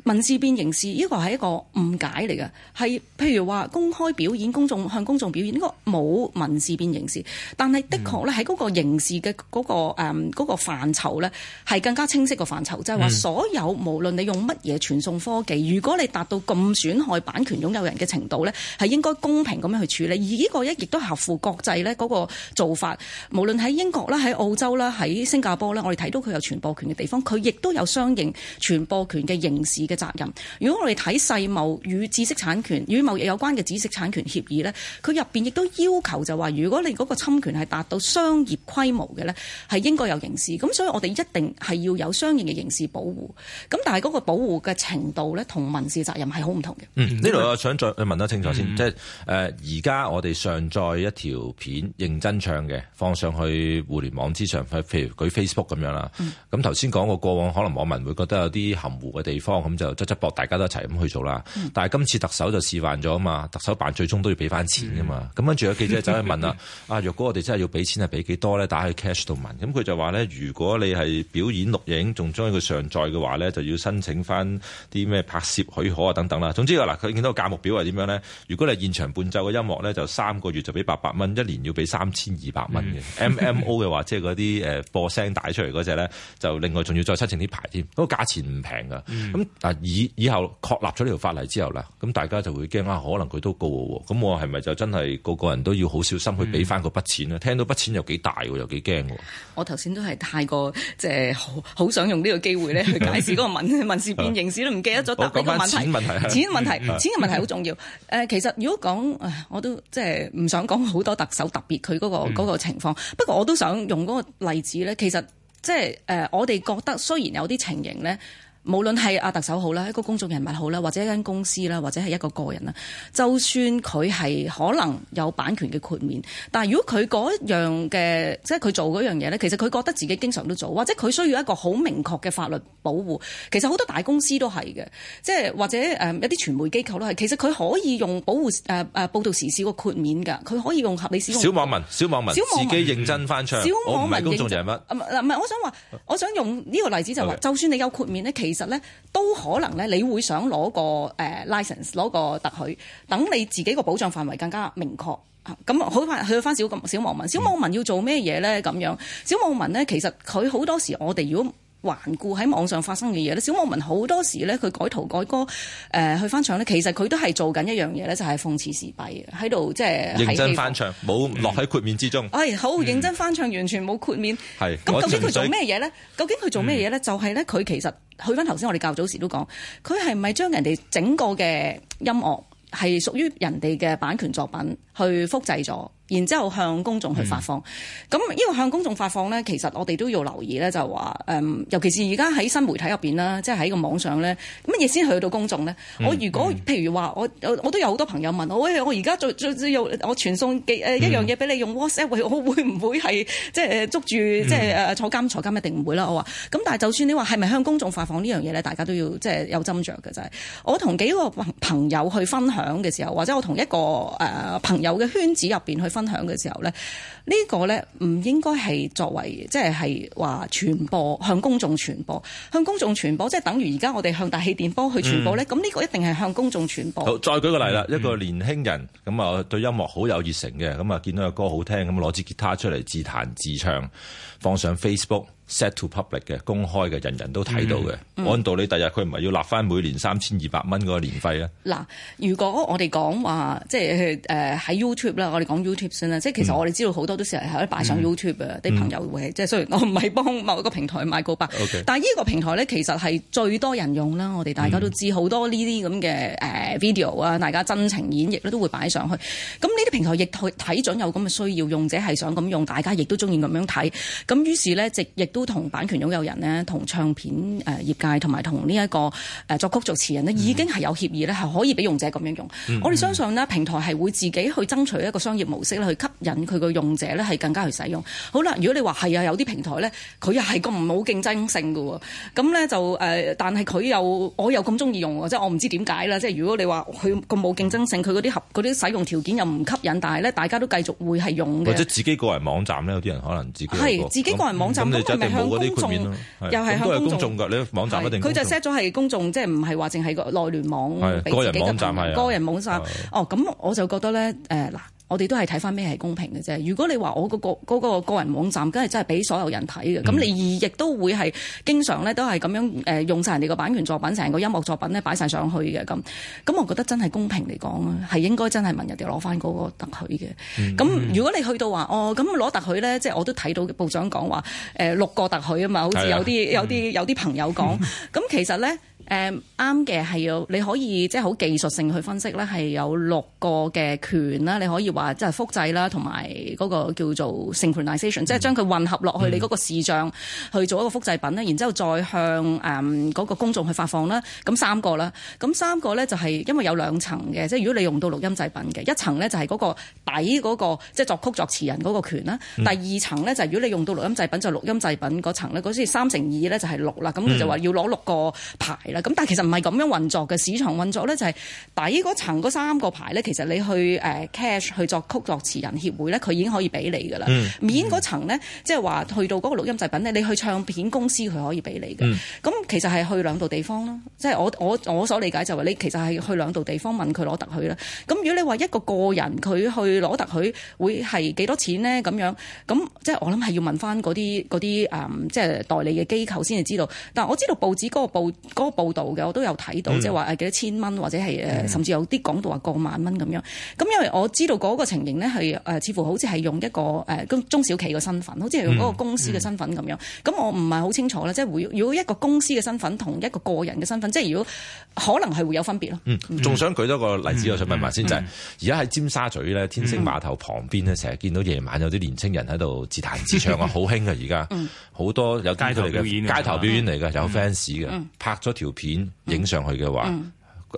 Speaker 5: 民事變刑事呢個係一個誤解嚟嘅，係譬如話公開表演、公眾向公眾表演，呢個冇民事變刑事，但係的確咧喺嗰個刑事嘅嗰、那個嗰個誒嗰、嗯嗯嗰個範疇咧係更加清晰嘅範疇，就係、是、話所有無論你用乜嘢傳送科技，如果你達到咁損害版權擁有人嘅程度咧，係應該公平咁樣去處理。而呢個一亦都合乎國際咧嗰個做法，無論喺英國啦、喺澳洲啦、喺新加坡咧，我哋睇到佢有傳播權嘅地方，佢亦都有相應傳播權嘅刑事嘅責任。如果我哋睇世貿與知識產權與貿易有關嘅知識產權協議呢，佢入面亦都要求就話，如果你嗰個侵權係達到商業規模嘅呢，係應該有刑事。咁所以我哋一定係要有相應嘅刑事保護。咁但係嗰個保護嘅程度呢，同民事責任係好唔同嘅。
Speaker 6: 呢度、嗯、我想再問得清楚先，嗯、即係而家我哋上載一條片，認真唱嘅放上去互聯網之上，譬如舉 Facebook 咁樣啦。咁頭先講過過往，可能網民會覺得有啲含糊嘅地方咁。就側側膊，大家都一齊咁去做啦。但係今次特首就示範咗啊嘛，特首辦最終都要俾翻錢噶嘛。咁跟住有記者走去問啦， 啊若果我哋真係要俾錢係俾幾多咧？打去 cash 度問。咁佢、嗯、就話咧，如果你係表演錄影，仲鍾意佢上載嘅話咧，就要申請翻啲咩拍攝許可啊等等啦。總之嗱，佢見到個價目表係點樣咧？如果你現場伴奏嘅音樂咧，就三個月就俾八百蚊，一年要俾三千二百蚊嘅。嗯、M M O 嘅話， 即係嗰啲波播聲帶出嚟嗰隻咧，就另外仲要再申請啲牌添。個價錢唔平噶，咁、嗯。嗯以以後確立咗呢條法例之後啦，咁大家就會驚啊，可能佢都告嘅，咁我係咪就真係個個人都要好小心去俾翻嗰筆錢咧？嗯、聽到筆錢又幾大，又幾驚嘅。
Speaker 5: 我頭先都係太過即係、呃，好，好想用呢個機會咧去解釋嗰個民 民事變刑事都唔記得咗答呢 個問題。 錢嘅問題， 錢嘅問題好重要。誒、呃，其實如果講，我都即係唔想講好多特首特別佢嗰個、嗯、個情況。不過我都想用嗰個例子咧，其實即係誒、呃，我哋覺得雖然有啲情形咧。無論係阿特首好啦，一個公眾人物好啦，或者一間公司啦，或者係一個個人啦，就算佢係可能有版權嘅豁免，但係如果佢嗰樣嘅，即係佢做嗰樣嘢呢，其實佢覺得自己經常都做，或者佢需要一個好明確嘅法律保護。其實好多大公司都係嘅，即係或者誒一啲傳媒機構都係。其實佢可以用保護誒誒、啊、報道時事個豁免㗎，佢可以用合理使用。小網
Speaker 6: 民，小網民，小網民，自己認真翻唱。小網民公眾人
Speaker 5: 物。唔係我想話，我想用呢個例子就話，就算你有豁免呢。Okay. 其實其實咧，都可能咧，你會想攞個誒、uh, license，攞個特許，等你自己個保障範圍更加明確。咁好快去翻小咁小網民，小網民要做咩嘢咧？咁樣，小網民咧，其實佢好多時我哋如果環顧喺網上發生嘅嘢咧，小網民好多時咧，佢改圖改歌誒、呃、去翻唱咧，其實佢都係做緊一樣嘢咧，就係、是、諷刺時弊，喺度即係。認真翻
Speaker 6: 唱，冇落喺豁免之中。誒、嗯哎，
Speaker 5: 好認真翻唱，完全冇豁免。咁、嗯、究竟佢做咩嘢咧？究竟佢做咩嘢咧？就係咧，佢其實去翻頭先，我哋較早時都講，佢係咪將人哋整個嘅音樂係屬於人哋嘅版權作品去複製咗？然之後向公眾去發放，咁呢、嗯、個向公眾發放咧，其實我哋都要留意咧，就、嗯、話尤其是而家喺新媒體入邊啦，即係喺個網上咧，乜嘢先去到公眾咧？嗯、我如果譬如話，我我都有好多朋友問我、嗯哎，我我而家最最最我傳送誒一樣嘢俾你用 WhatsApp、嗯、我會唔會係即係捉住即係誒坐監坐監？一定唔會啦，我話。咁但係就算你話係咪向公眾發放呢樣嘢咧，大家都要即係有斟酌嘅，就係、是、我同幾個朋友去分享嘅時候，或者我同一個誒、呃、朋友嘅圈子入邊去。分享嘅時候咧，呢、這個咧唔應該係作為即係係話傳播向公眾傳播，向公眾傳播，向公眾傳播即係等於而家我哋向大氣電波去傳播咧。咁呢、嗯、個一定係向公眾傳播。好，
Speaker 6: 再舉個例啦，嗯、一個年輕人咁啊、嗯嗯，對音樂好有熱誠嘅，咁啊見到個歌好聽，咁攞支吉他出嚟自彈自唱，放上 Facebook。set to public 嘅，公開嘅，人人都睇到嘅。嗯、按道理第日佢唔係要立翻每年三千二百蚊嗰個年費啊？
Speaker 5: 嗱，如果我哋講話，即係誒喺 YouTube 啦，呃、you Tube，我哋講 YouTube 先啦。即係其實我哋知道好多都成日喺度擺上 YouTube 啊，啲朋友會、嗯嗯、即係雖然我唔係幫某一個平台買個筆，Okay. 但係呢個平台咧其實係最多人用啦。我哋大家都知好、嗯、多呢啲咁嘅誒 video 啊，大家真情演繹都會擺上去。咁呢啲平台亦睇準有咁嘅需要，用者係想咁用，大家亦都中意咁樣睇。咁於是咧，直亦都。都同版權擁有人呢，同唱片誒業界，同埋同呢一個誒作曲作詞人呢，嗯、已經係有協議咧，係可以俾用者咁樣用。嗯、我哋相信呢，平台係會自己去爭取一個商業模式咧，去吸引佢個用者呢，係更加去使用。好啦，如果你話係啊，有啲平台呢，佢又係咁冇競爭性嘅喎，咁呢，就、呃、誒，但係佢又我又咁中意用，即係我唔知點解啦。即係如果你話佢咁冇競爭性，佢嗰啲合啲使用條件又唔吸引，但係呢，大家都繼續會係用嘅。或者
Speaker 6: 自己個人網站呢，有啲人可能自己係自己個人網站。嗯向公眾，是又係向公眾，㗎。你網站一定佢就 set
Speaker 5: 咗係公眾，即係唔係話淨係個內聯網，個人網站係啊，個人網站。哦，咁我就覺得咧，誒、呃、嗱。我哋都係睇翻咩係公平嘅啫。如果你話我個個嗰個個人網站，梗係真係俾所有人睇嘅，咁、嗯、你亦都會係經常咧都係咁樣誒用晒人哋個版權作品，成個音樂作品咧擺晒上去嘅咁。咁我覺得真係公平嚟講，係應該真係問人哋攞翻嗰個特許嘅。咁、嗯、如果你去到話哦，咁攞特許咧，即係我都睇到部長講話、呃、六個特許啊嘛，好似有啲、嗯、有啲有啲朋友講，咁、嗯、其實咧。 誒啱嘅係要你可以即係好技術性去分析咧，係有六個嘅權啦。你可以話即係複製啦，同埋嗰叫做 synchronization 即係將、嗯、佢混合落去、嗯、你嗰視像去做一個複製品啦，然之後再向誒嗰、嗯那個、公眾去發放啦。咁三個啦，咁三個咧就係、是、因為有兩層嘅，即係如果你用到錄音製品嘅一層咧、那個，就係嗰底嗰即係作曲作詞人嗰權啦。第二層咧就係如果你用到錄音製品就錄、是、音製品嗰層咧，嗰似三乘二咧就係六啦。咁佢就話要攞六個牌啦。嗯嗯咁但係其實唔係咁樣運作嘅，市場運作咧就係底嗰層嗰三個牌咧，其實你去誒 cash 去作曲作詞人協會咧，佢已經可以俾你㗎啦。嗯。面嗰層咧，即係話去到嗰個錄音製品咧，你去唱片公司佢可以俾你嘅。嗯。咁其實係去兩度地方咯，即係我我我所理解就係你其實係去兩度地方問佢攞特許啦。咁如果你話一個個人佢去攞特許會係幾多錢咧咁樣？咁即係我諗係要問翻嗰啲啲誒，即係代理嘅機構先至知道。但係我知道報紙嗰個報嗰個報，那個報到嘅，嗯、我都有睇到，即係話誒幾多千蚊，或者係誒甚至有啲講到話過萬蚊咁樣。咁因為我知道嗰個情形呢，係誒似乎好似係用一個誒中小企嘅身份，好似係用嗰個公司嘅身份咁樣。咁，嗯嗯、我唔係好清楚啦，即係如果一個公司嘅身份同一個個人嘅身份，即係如果可能係會有分別咯。仲，嗯、
Speaker 6: 想舉多個例子，我，嗯、想問埋先就係而家喺尖沙咀咧，天星碼頭旁邊咧，成日，嗯、見到夜晚有啲年青人喺度自彈自唱啊，好興啊而家。好多有街頭表演，街頭表演嚟嘅有 fans 嘅，拍咗條。片影上去嘅話，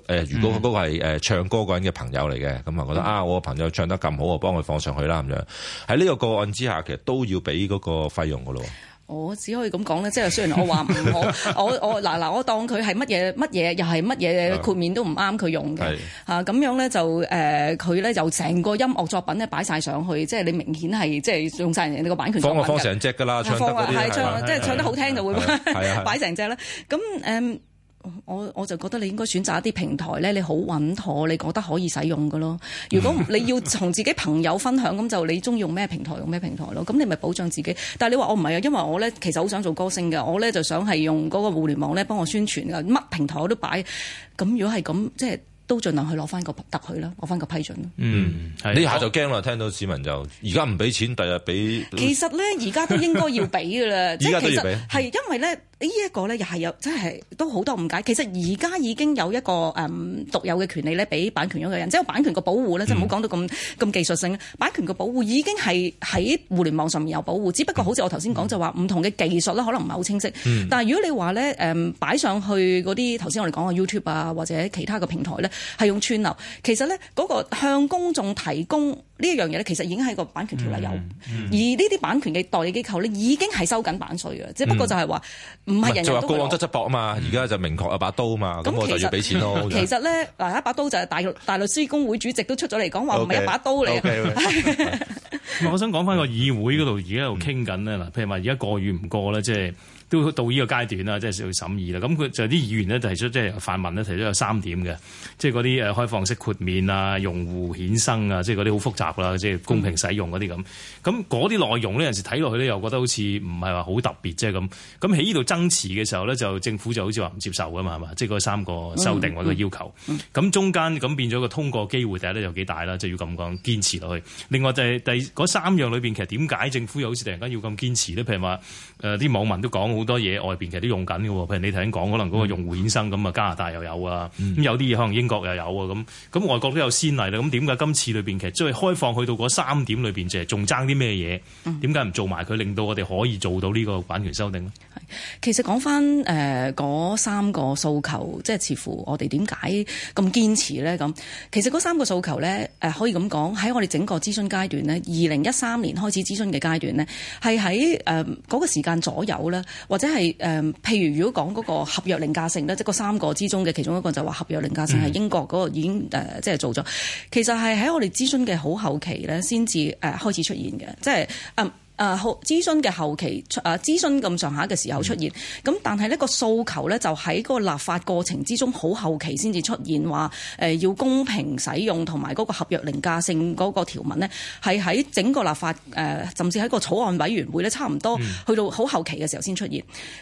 Speaker 6: 誒，如果嗰個係誒唱歌嗰人嘅朋友嚟嘅，咁啊覺得啊，我個朋友唱得咁好，我幫佢放上去啦，咁樣喺呢個個案之下，其實都要俾嗰個費用噶咯。
Speaker 5: 我只可以咁講咧，即係雖然我話唔好，我我嗱嗱，我當佢係乜嘢乜嘢，又係乜嘢，豁免都唔啱佢用嘅吓，咁樣咧就誒，佢咧就成個音樂作品咧擺晒上去，即係你明顯係即係用晒人哋個版權放啊，放成隻噶啦，唱得
Speaker 6: 係唱，即係唱得好聽就會擺
Speaker 5: 成隻啦。咁誒。我我就覺得你應該選擇一啲平台咧，你好穩妥，你覺得可以使用㗎咯。如果你要同自己朋友分享咁， 就你中意用咩平台用咩平台咯。咁你咪保障自己。但係你話我唔係啊，因為我咧其實好想做歌星嘅，我咧就想係用嗰個互聯網咧幫我宣傳㗎，乜平台我都擺。咁如果係咁，即係都盡量去攞翻個特許啦，攞翻個批准咯。
Speaker 6: 嗯，呢下就驚啦，聽到市民就而家唔俾錢，第日俾。其實
Speaker 5: 咧，而家都應該要俾㗎啦， 即係是其實係因為咧。這個呢一個咧又係有，真係都好多誤解。其實而家已經有一個誒獨、嗯、有嘅權利咧，俾版權嘅人，即係版權個保護咧，嗯、即係唔好講到咁咁、嗯、技術性。版權個保護已經係喺互聯網上面有保護，只不過好似我頭先講就話唔同嘅技術咧，可能唔係好清晰。嗯、但如果你話咧誒擺上去嗰啲頭先我哋講嘅 YouTube 啊或者其他嘅平台咧，係用串流，其實咧嗰、嗰個向公眾提供呢一樣嘢咧，其實已經喺個版權條例有。嗯嗯、而呢啲版權嘅代理機構咧，已經係收緊版稅嘅，只不過就係話。嗯唔係人,人就話高昂質
Speaker 6: 質薄啊嘛，而家就明確
Speaker 2: 有把刀啊嘛，咁、嗯、我就要俾錢咯。其實
Speaker 5: 咧，嗱，一把刀就係大律大律師公會主席都出咗嚟講話唔係一把刀嚟。
Speaker 2: O K，我想講返個議會嗰度，而家喺度傾緊咧，嗱，譬如話而家過與唔過咧，即係。都到呢個階段啦，即係要審議啦。咁佢就啲議員咧提出，即係泛民咧提出有三點嘅，即係嗰啲誒開放式豁免啊、用戶衍生啊，即係嗰啲好複雜啦，即係公平使用嗰啲咁。咁嗰啲內容咧，有陣時睇落去咧，又覺得好似唔係話好特別啫咁。咁喺呢度爭持嘅時候咧，就政府就好似話唔接受噶嘛，係嘛？即係嗰三個修訂或者要求。咁、嗯嗯嗯、中間咁變咗個通過機會，第一咧有幾大啦，就要咁講堅持落去。另外就係第三樣裏邊，其實點解政府又好似突然間要咁堅持咧？譬如話誒，啲、呃、網民都講。好多嘢外邊其實都用緊嘅，譬如你頭先講可能嗰個用戶衍生咁啊，加拿大又有啊，咁有啲嘢可能英國又有啊，咁咁外國都有先例啦。咁點解今次裏邊其實即係開放去到嗰三點裏邊，就係仲爭啲咩嘢？點解唔做埋佢，令到我哋可以做到呢個版權修訂咧？
Speaker 5: 其實講翻誒嗰三個訴求，即係似乎我哋點解咁堅持咧？咁其實嗰三個訴求咧，誒可以咁講喺我哋整個咨詢階段咧，二零一三年開始咨詢嘅階段咧，係喺誒嗰個時間左右咧。或者係誒、嗯，譬如如果講嗰個合約凌駕性咧，即係嗰三個之中嘅其中一個，就話合約凌駕性係英國嗰個已經誒、呃，即係做咗。其實係喺我哋諮詢嘅好後期咧，先至誒開始出現嘅，即係誒。嗯誒好諮詢嘅後期，誒諮詢咁上下嘅時候出現，咁但係呢個訴求咧，就喺嗰個立法過程之中，好後期先至出現，話誒要公平使用同埋嗰個合約凌駕性嗰個條文咧，係喺整個立法誒、呃，甚至喺個草案委員會咧，差唔多去到好後期嘅時候先出現。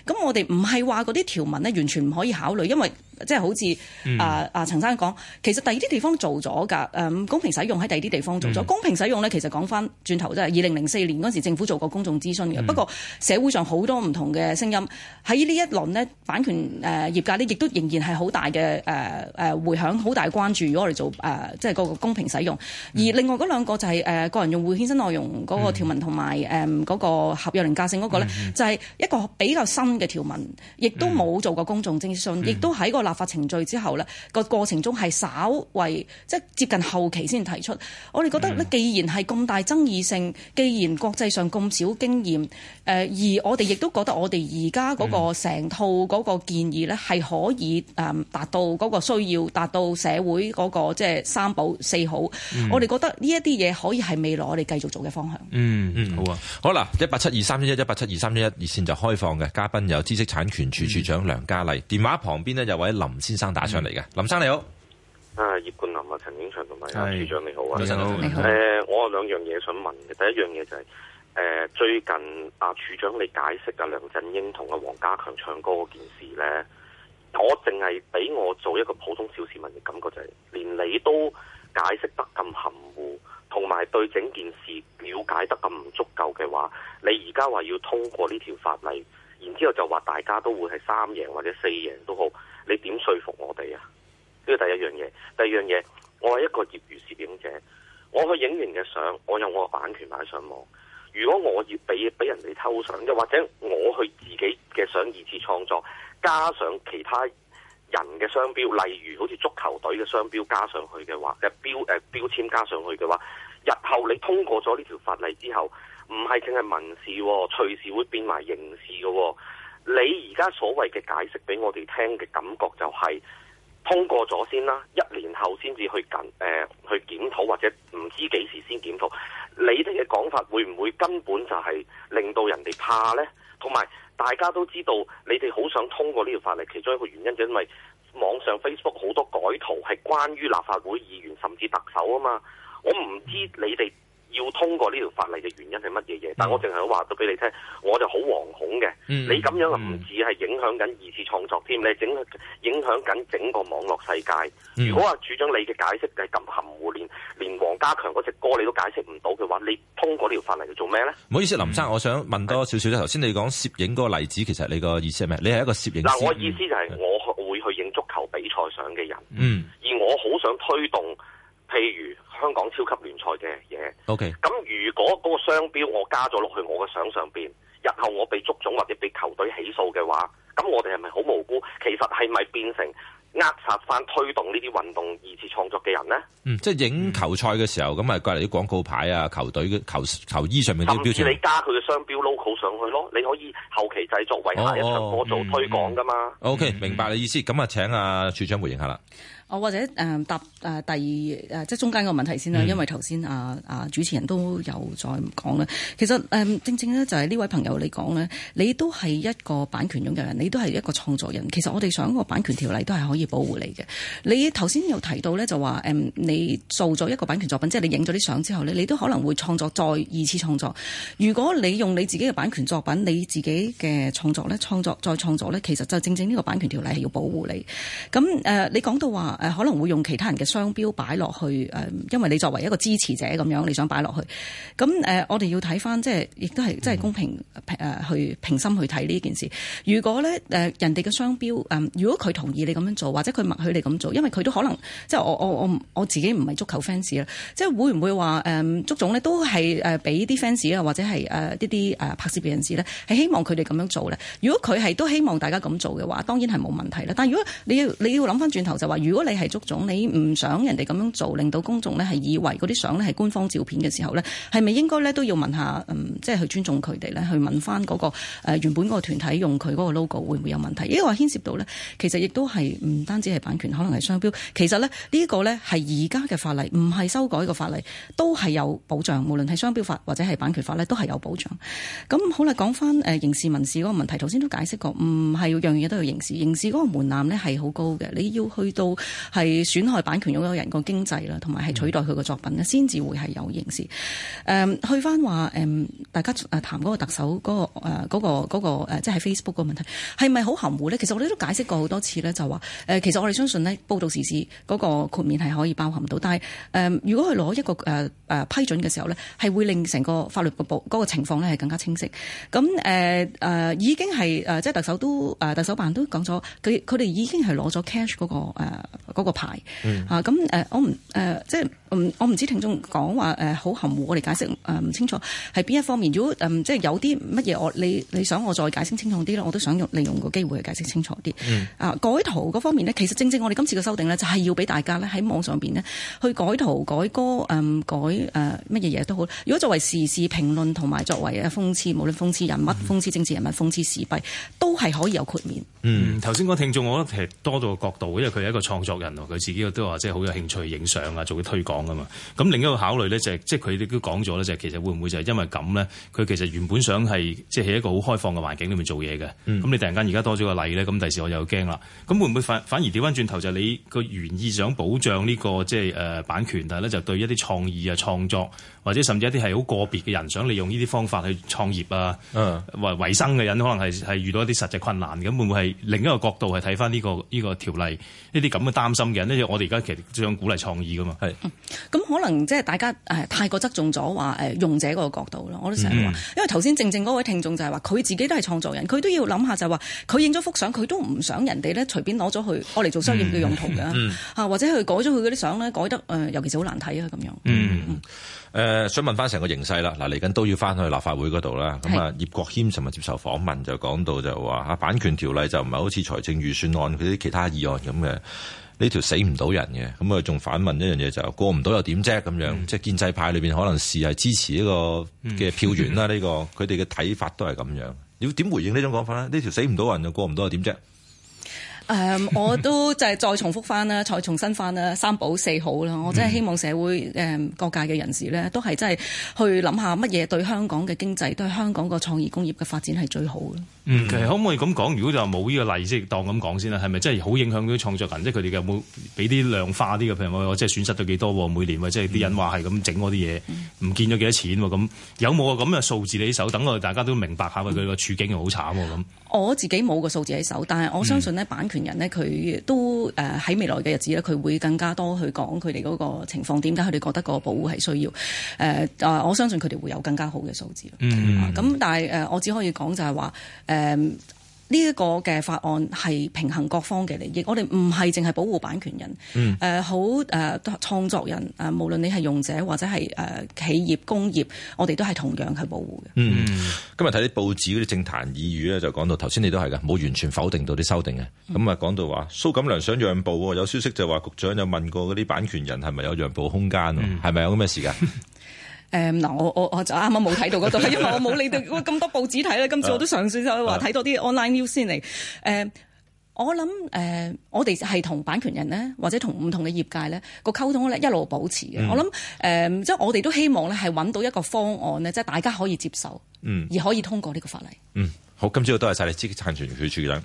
Speaker 5: 咁、嗯、我哋唔係話嗰啲條文咧，完全唔可以考慮，因為，即係好似啊啊陳生講，其實第二啲地方做咗㗎，公平使用喺第二啲地方做咗。嗯、公平使用咧，其實講翻轉頭，即係二零零四年陣時政府做過公眾諮詢嘅。嗯、不過社會上好多唔同嘅聲音喺呢一輪咧，版權誒、呃、業界咧亦都仍然係好大嘅誒誒，回響，好大關注。如果我哋做誒即係個公平使用，嗯、而另外嗰兩個就係、是、誒、呃、個人用戶衍生內容嗰個條文同埋誒嗰個合約凌駕性嗰咧，嗯、就係一個比較新嘅條文，亦都冇做過公眾諮詢，亦、嗯嗯、都喺、那個。立法程序之後呢個過程中係稍為即係接近後期先提出。我哋覺得呢，既然係咁大爭議性，既然國際上咁少經驗，而我哋亦都覺得我哋而家嗰個成套嗰個建議呢係可以誒達到嗰個需要，達到社會嗰個即係三保四好。我哋覺得呢一啲嘢可以係未來我哋繼續做嘅方向。
Speaker 6: 嗯嗯，好啊，好嗱，一八七二三一一，一八七二三一一，熱線就開放嘅。嘉賓有知識產權署署，署長梁家麗，嗯、電話旁邊呢有位。林先生打上嚟嘅，嗯、林先生你好。啊，葉
Speaker 4: 冠霖啊，陳景祥同埋、啊、是處長你好啊，你好。誒、呃，我有兩樣嘢想問嘅，第一樣嘢就係、是、誒、呃，最近阿、啊、處長你解釋啊梁振英同阿黃家強唱歌嗰件事咧，我淨係俾我做一個普通小市民嘅感覺就係、是，連你都解釋得咁含糊，同埋對整件事了解得咁唔足夠嘅話，你而家話要通過呢條法例？然之後就話大家都會係三贏或者四贏都好，你點說服我哋啊？呢
Speaker 3: 個第一樣嘢。
Speaker 4: 第二樣嘢，我係一個業餘攝影者，我去影完嘅相，我有我嘅版權擺上網。如果我要俾俾人哋偷相，又或者我去自己嘅相二次創作，加上其他人嘅商標，例如好似足球隊嘅商標加上去嘅話嘅、呃、標誒、呃、標籤加上去嘅話，日後你通過咗呢條法例之後。唔係淨係民事、哦，隨時會變埋刑事嘅、哦。你而家所謂嘅解釋俾我哋聽嘅感覺就係、係、通過咗先啦，一年後先至去檢，誒、呃、去檢討或者唔知幾時先檢討。你哋嘅講法會唔會根本就係令到人哋怕呢？同埋大家都知道，你哋好想通過呢條法例，其中一個原因就因為網上 Facebook 好多改圖係關於立法會議員甚至特首啊嘛。我唔知你哋。要通過呢條法例嘅原因係乜嘢嘢？哦、但係我淨係想話到俾你聽，我就好惶恐嘅。嗯、你咁樣唔止係影響緊二次創作，添、嗯、你整影響緊整個網絡世界。嗯、如果話署長你嘅解釋係咁含糊連，連黃家強嗰隻歌你都解釋唔到嘅話，你通過呢條法例去做咩呢？唔
Speaker 6: 好意思，林生，我想問多少少咧。頭先的你講攝影嗰個例子，其實你個意思係咩？你係一個攝影。嗱，我意思
Speaker 4: 就係、是嗯、我會去影足球比賽相嘅人，嗯、而我好想推動，譬如。香港超級聯賽嘅嘢，OK，咁如果嗰個商標我加咗落去我嘅相上邊，日後我被捉咗或者被球隊起訴嘅話，咁我哋係咪好無辜？其實係咪變成？扼殺翻推動呢啲運動二次創作嘅人呢？
Speaker 6: 嗯、即係影球賽嘅時候，咁咪隔籬啲廣告牌啊，球隊嘅球球衣上面啲標誌。即你
Speaker 4: 加佢嘅商標 logo 上去咯，你可以後期製作為下一場波做推廣噶嘛、
Speaker 6: 哦嗯嗯、？O、okay, K，明白你意思。咁啊，請阿處長回應下啦。
Speaker 5: 哦，或者誒、嗯、答誒、啊、第二，啊、即係中間個問題先啦，嗯、因為頭先啊啊主持人都有再唔講啦。其實誒、嗯、正正咧就係呢位朋友你講咧，你都係一個版權擁有人，你都係一個創作人。其實我哋上個版權條例都係可以。要保護你嘅。你頭先有提到咧，就話、嗯、你做咗一個版權作品，即係你影咗啲相之後咧，你都可能會創作再二次創作。如果你用你自己嘅版權作品，你自己嘅創作咧，創作再創作咧，其實就正正呢個版權條例係要保護你。咁、呃、你講到話、呃、可能會用其他人嘅商標擺落去、呃、因為你作為一個支持者咁樣，你想擺落去。咁、呃、我哋要睇翻，即係亦都係即係公平去平，平，平心去睇呢件事。如果咧、呃、人哋嘅商標、呃、如果佢同意你咁樣做。或者佢默許你咁做，因為佢都可能即係我我我我自己唔係足球 fans 啦，即係會唔會話誒，足、嗯、總呢都係誒俾啲 fans 啊，或者係誒啲啲誒拍攝人士呢？係希望佢哋咁樣做呢。如果佢係都希望大家咁做嘅話，當然係冇問題啦。但係如果你，你要你要諗翻轉頭就話，如果你係足總，你唔想人哋咁樣做，令到公眾呢係以為嗰啲相呢係官方照片嘅時候呢，係咪應該呢都要問下即係、嗯就係、去尊重佢哋呢，去問翻、那、嗰個、呃、原本嗰個團體用佢嗰個 logo 會唔會有問題？因為牽涉到呢，其實亦都係唔單止係版權，可能係商標。其實咧，呢、這個咧係而家嘅法例，唔係修改個法例，都係有保障。無論係商標法或者係版權法咧，都係有保障。咁好啦，講翻誒刑事民事嗰個問題，頭先都解釋過，唔、嗯、係樣樣嘢都要刑事。刑事嗰個門檻咧係好高嘅，你要去到係損害版權擁有人個經濟啦，同埋係取代佢嘅作品咧，先至會係有刑事。誒、嗯，去翻話誒，大家誒談嗰個特首嗰、那個誒嗰、那個即係 Facebook 個、那個就是、問題係咪好含糊咧？其實我哋都解釋過好多次咧，就話。誒，其實我哋相信呢報道時事嗰、那個豁免係可以包含到，但係誒，如果佢攞一個誒誒、呃呃、批准嘅時候咧，係會令成個法律個部嗰個情況咧係更加清晰。咁誒誒，已經係誒，即係特首都誒，特首辦都講咗，佢佢哋已經係攞咗 cash 嗰、那個誒嗰個牌啊。咁、呃、誒、呃嗯呃，我唔誒、呃，即係。嗯、我唔知聽眾講話誒好含糊，我哋解釋誒唔、嗯、清楚係邊一方面。如果、嗯、即係有啲乜嘢我你你想我再解釋清楚啲咧，我都想用利用個機會去解釋清楚啲、嗯啊。改圖嗰方面呢，其實正正我哋今次嘅修訂呢，就係、是、要俾大家呢喺網上邊呢去改圖改歌、嗯、改乜嘢嘢都好。如果作為時事評論同埋作為誒諷刺，無論諷刺人物、諷、嗯、刺政治人物、諷刺時弊，都係可以有豁免。
Speaker 2: 嗯，頭先嗰聽眾我覺得其實多咗個角度，因為佢係一個創作人，佢自己都話即係好有興趣影相啊，做啲推廣嘅嘛，咁另一個考慮咧就係、是，即係佢哋都講咗咧，就係其實會唔會就係因為咁咧，佢其實原本想係即係喺一個好開放嘅環境裏面做嘢嘅，咁、嗯、你突然間而家多咗個例咧，咁第時我又驚啦，咁會唔會反反而掉返轉頭就係你個原意想保障呢、這個即係誒版權，但係咧就是、對一啲創意啊創作。或者甚至一啲係好個別嘅人想利用呢啲方法去創業啊，嗯、或維生嘅人，可能係係遇到一啲實際困難。咁會唔會係另一個角度係睇翻呢個呢、呢個條例呢啲咁嘅擔心嘅呢我哋而家其實想鼓勵創意噶嘛。係是，
Speaker 5: 咁、嗯、可能即係大家、呃、太過側重咗話用者嗰個角度咯。我都成日話，嗯、因為頭先正正嗰位聽眾就係話佢自己都係創作人，佢都要諗下就話佢影咗幅相，佢都唔想人哋咧隨便攞咗去，我嚟做商業嘅用途嘅、嗯嗯啊、或者佢改咗佢嗰啲相咧，改得、呃、尤其是好難睇啊咁樣。
Speaker 6: 嗯嗯誒、呃，想問翻成個形勢啦，嗱嚟緊都要翻去立法會嗰度啦。咁啊是，葉國謙尋日接受訪問就講到就話吓版權條例就唔係好似財政預算案嗰啲其他議案咁嘅呢條死唔到人嘅，咁啊仲反問一、就是、樣嘢就過唔到又點啫咁樣，嗯、即係建制派裏邊可能事係支持呢個嘅票源啦，呢個佢哋嘅睇法都係咁樣。要點回應種呢種講法咧？條呢條死唔到人又過唔到又點啫？
Speaker 5: 誒，um, 我都就係再重複翻啦，再重新翻啦，三保四好啦。我真係希望社會誒各界嘅人士咧，嗯、都係真係去諗下乜嘢對香港嘅經濟，對香港個創意工業嘅發展係最好
Speaker 2: 嘅。嗯、其實可唔可以咁講？如果就冇呢個例子，即係當咁講先啦，係咪真係好影響啲創作人？即係佢哋有冇俾啲量化啲嘅？譬如我我即係損失咗幾多喎、啊？每年即係啲人話係咁整嗰啲嘢，唔、嗯、見咗幾多錢喎？咁有冇啊？咁嘅數字喺手，等我哋大家都明白下佢個、嗯、處境好慘喎、啊、咁。
Speaker 5: 我自己冇個數字喺手，但係我相信呢版權。人咧，佢都誒喺、呃、未來嘅日子，佢會更加多去講佢哋嗰個情況。點解佢哋覺得個保護係需要？誒？誒，我相信佢哋會有更加好嘅數字咯。
Speaker 3: 嗯，嗯，嗯。咁
Speaker 5: 但係誒，我只可以講就係話誒。呃呢一個嘅法案係平衡各方嘅利益，我哋唔係淨係保護版權人，誒好誒創作人，誒、呃、無論你係用者或者係誒、呃、企業工業，我哋都係同樣去保護
Speaker 6: 嘅。嗯，今日睇啲報紙嗰啲政壇耳語咧，就講到頭先你都係嘅，冇完全否定，收定的、嗯、到啲修訂嘅。咁啊，講到話蘇錦樑想讓步喎，有消息就話局長有問過嗰啲版權人係咪有讓步空間，係咪、嗯、有咁
Speaker 5: 嘅時間？ 誒，嗱、嗯，我我我就啱啱冇睇到嗰度，因為我冇你哋咁多報紙睇啦。今次我都上算就話睇多啲 online news 先嚟。誒、嗯，我諗誒、嗯，我哋係同版權人咧，或者同唔同嘅業界咧個溝通咧一路保持嘅。我諗誒，即、嗯、係、就是、我哋都希望咧係揾到一個方案咧，即、就、係、是、大家可以接受，嗯，而可以通過呢個法例嗯。
Speaker 6: 嗯，好，今朝都係晒你知識產權署主任。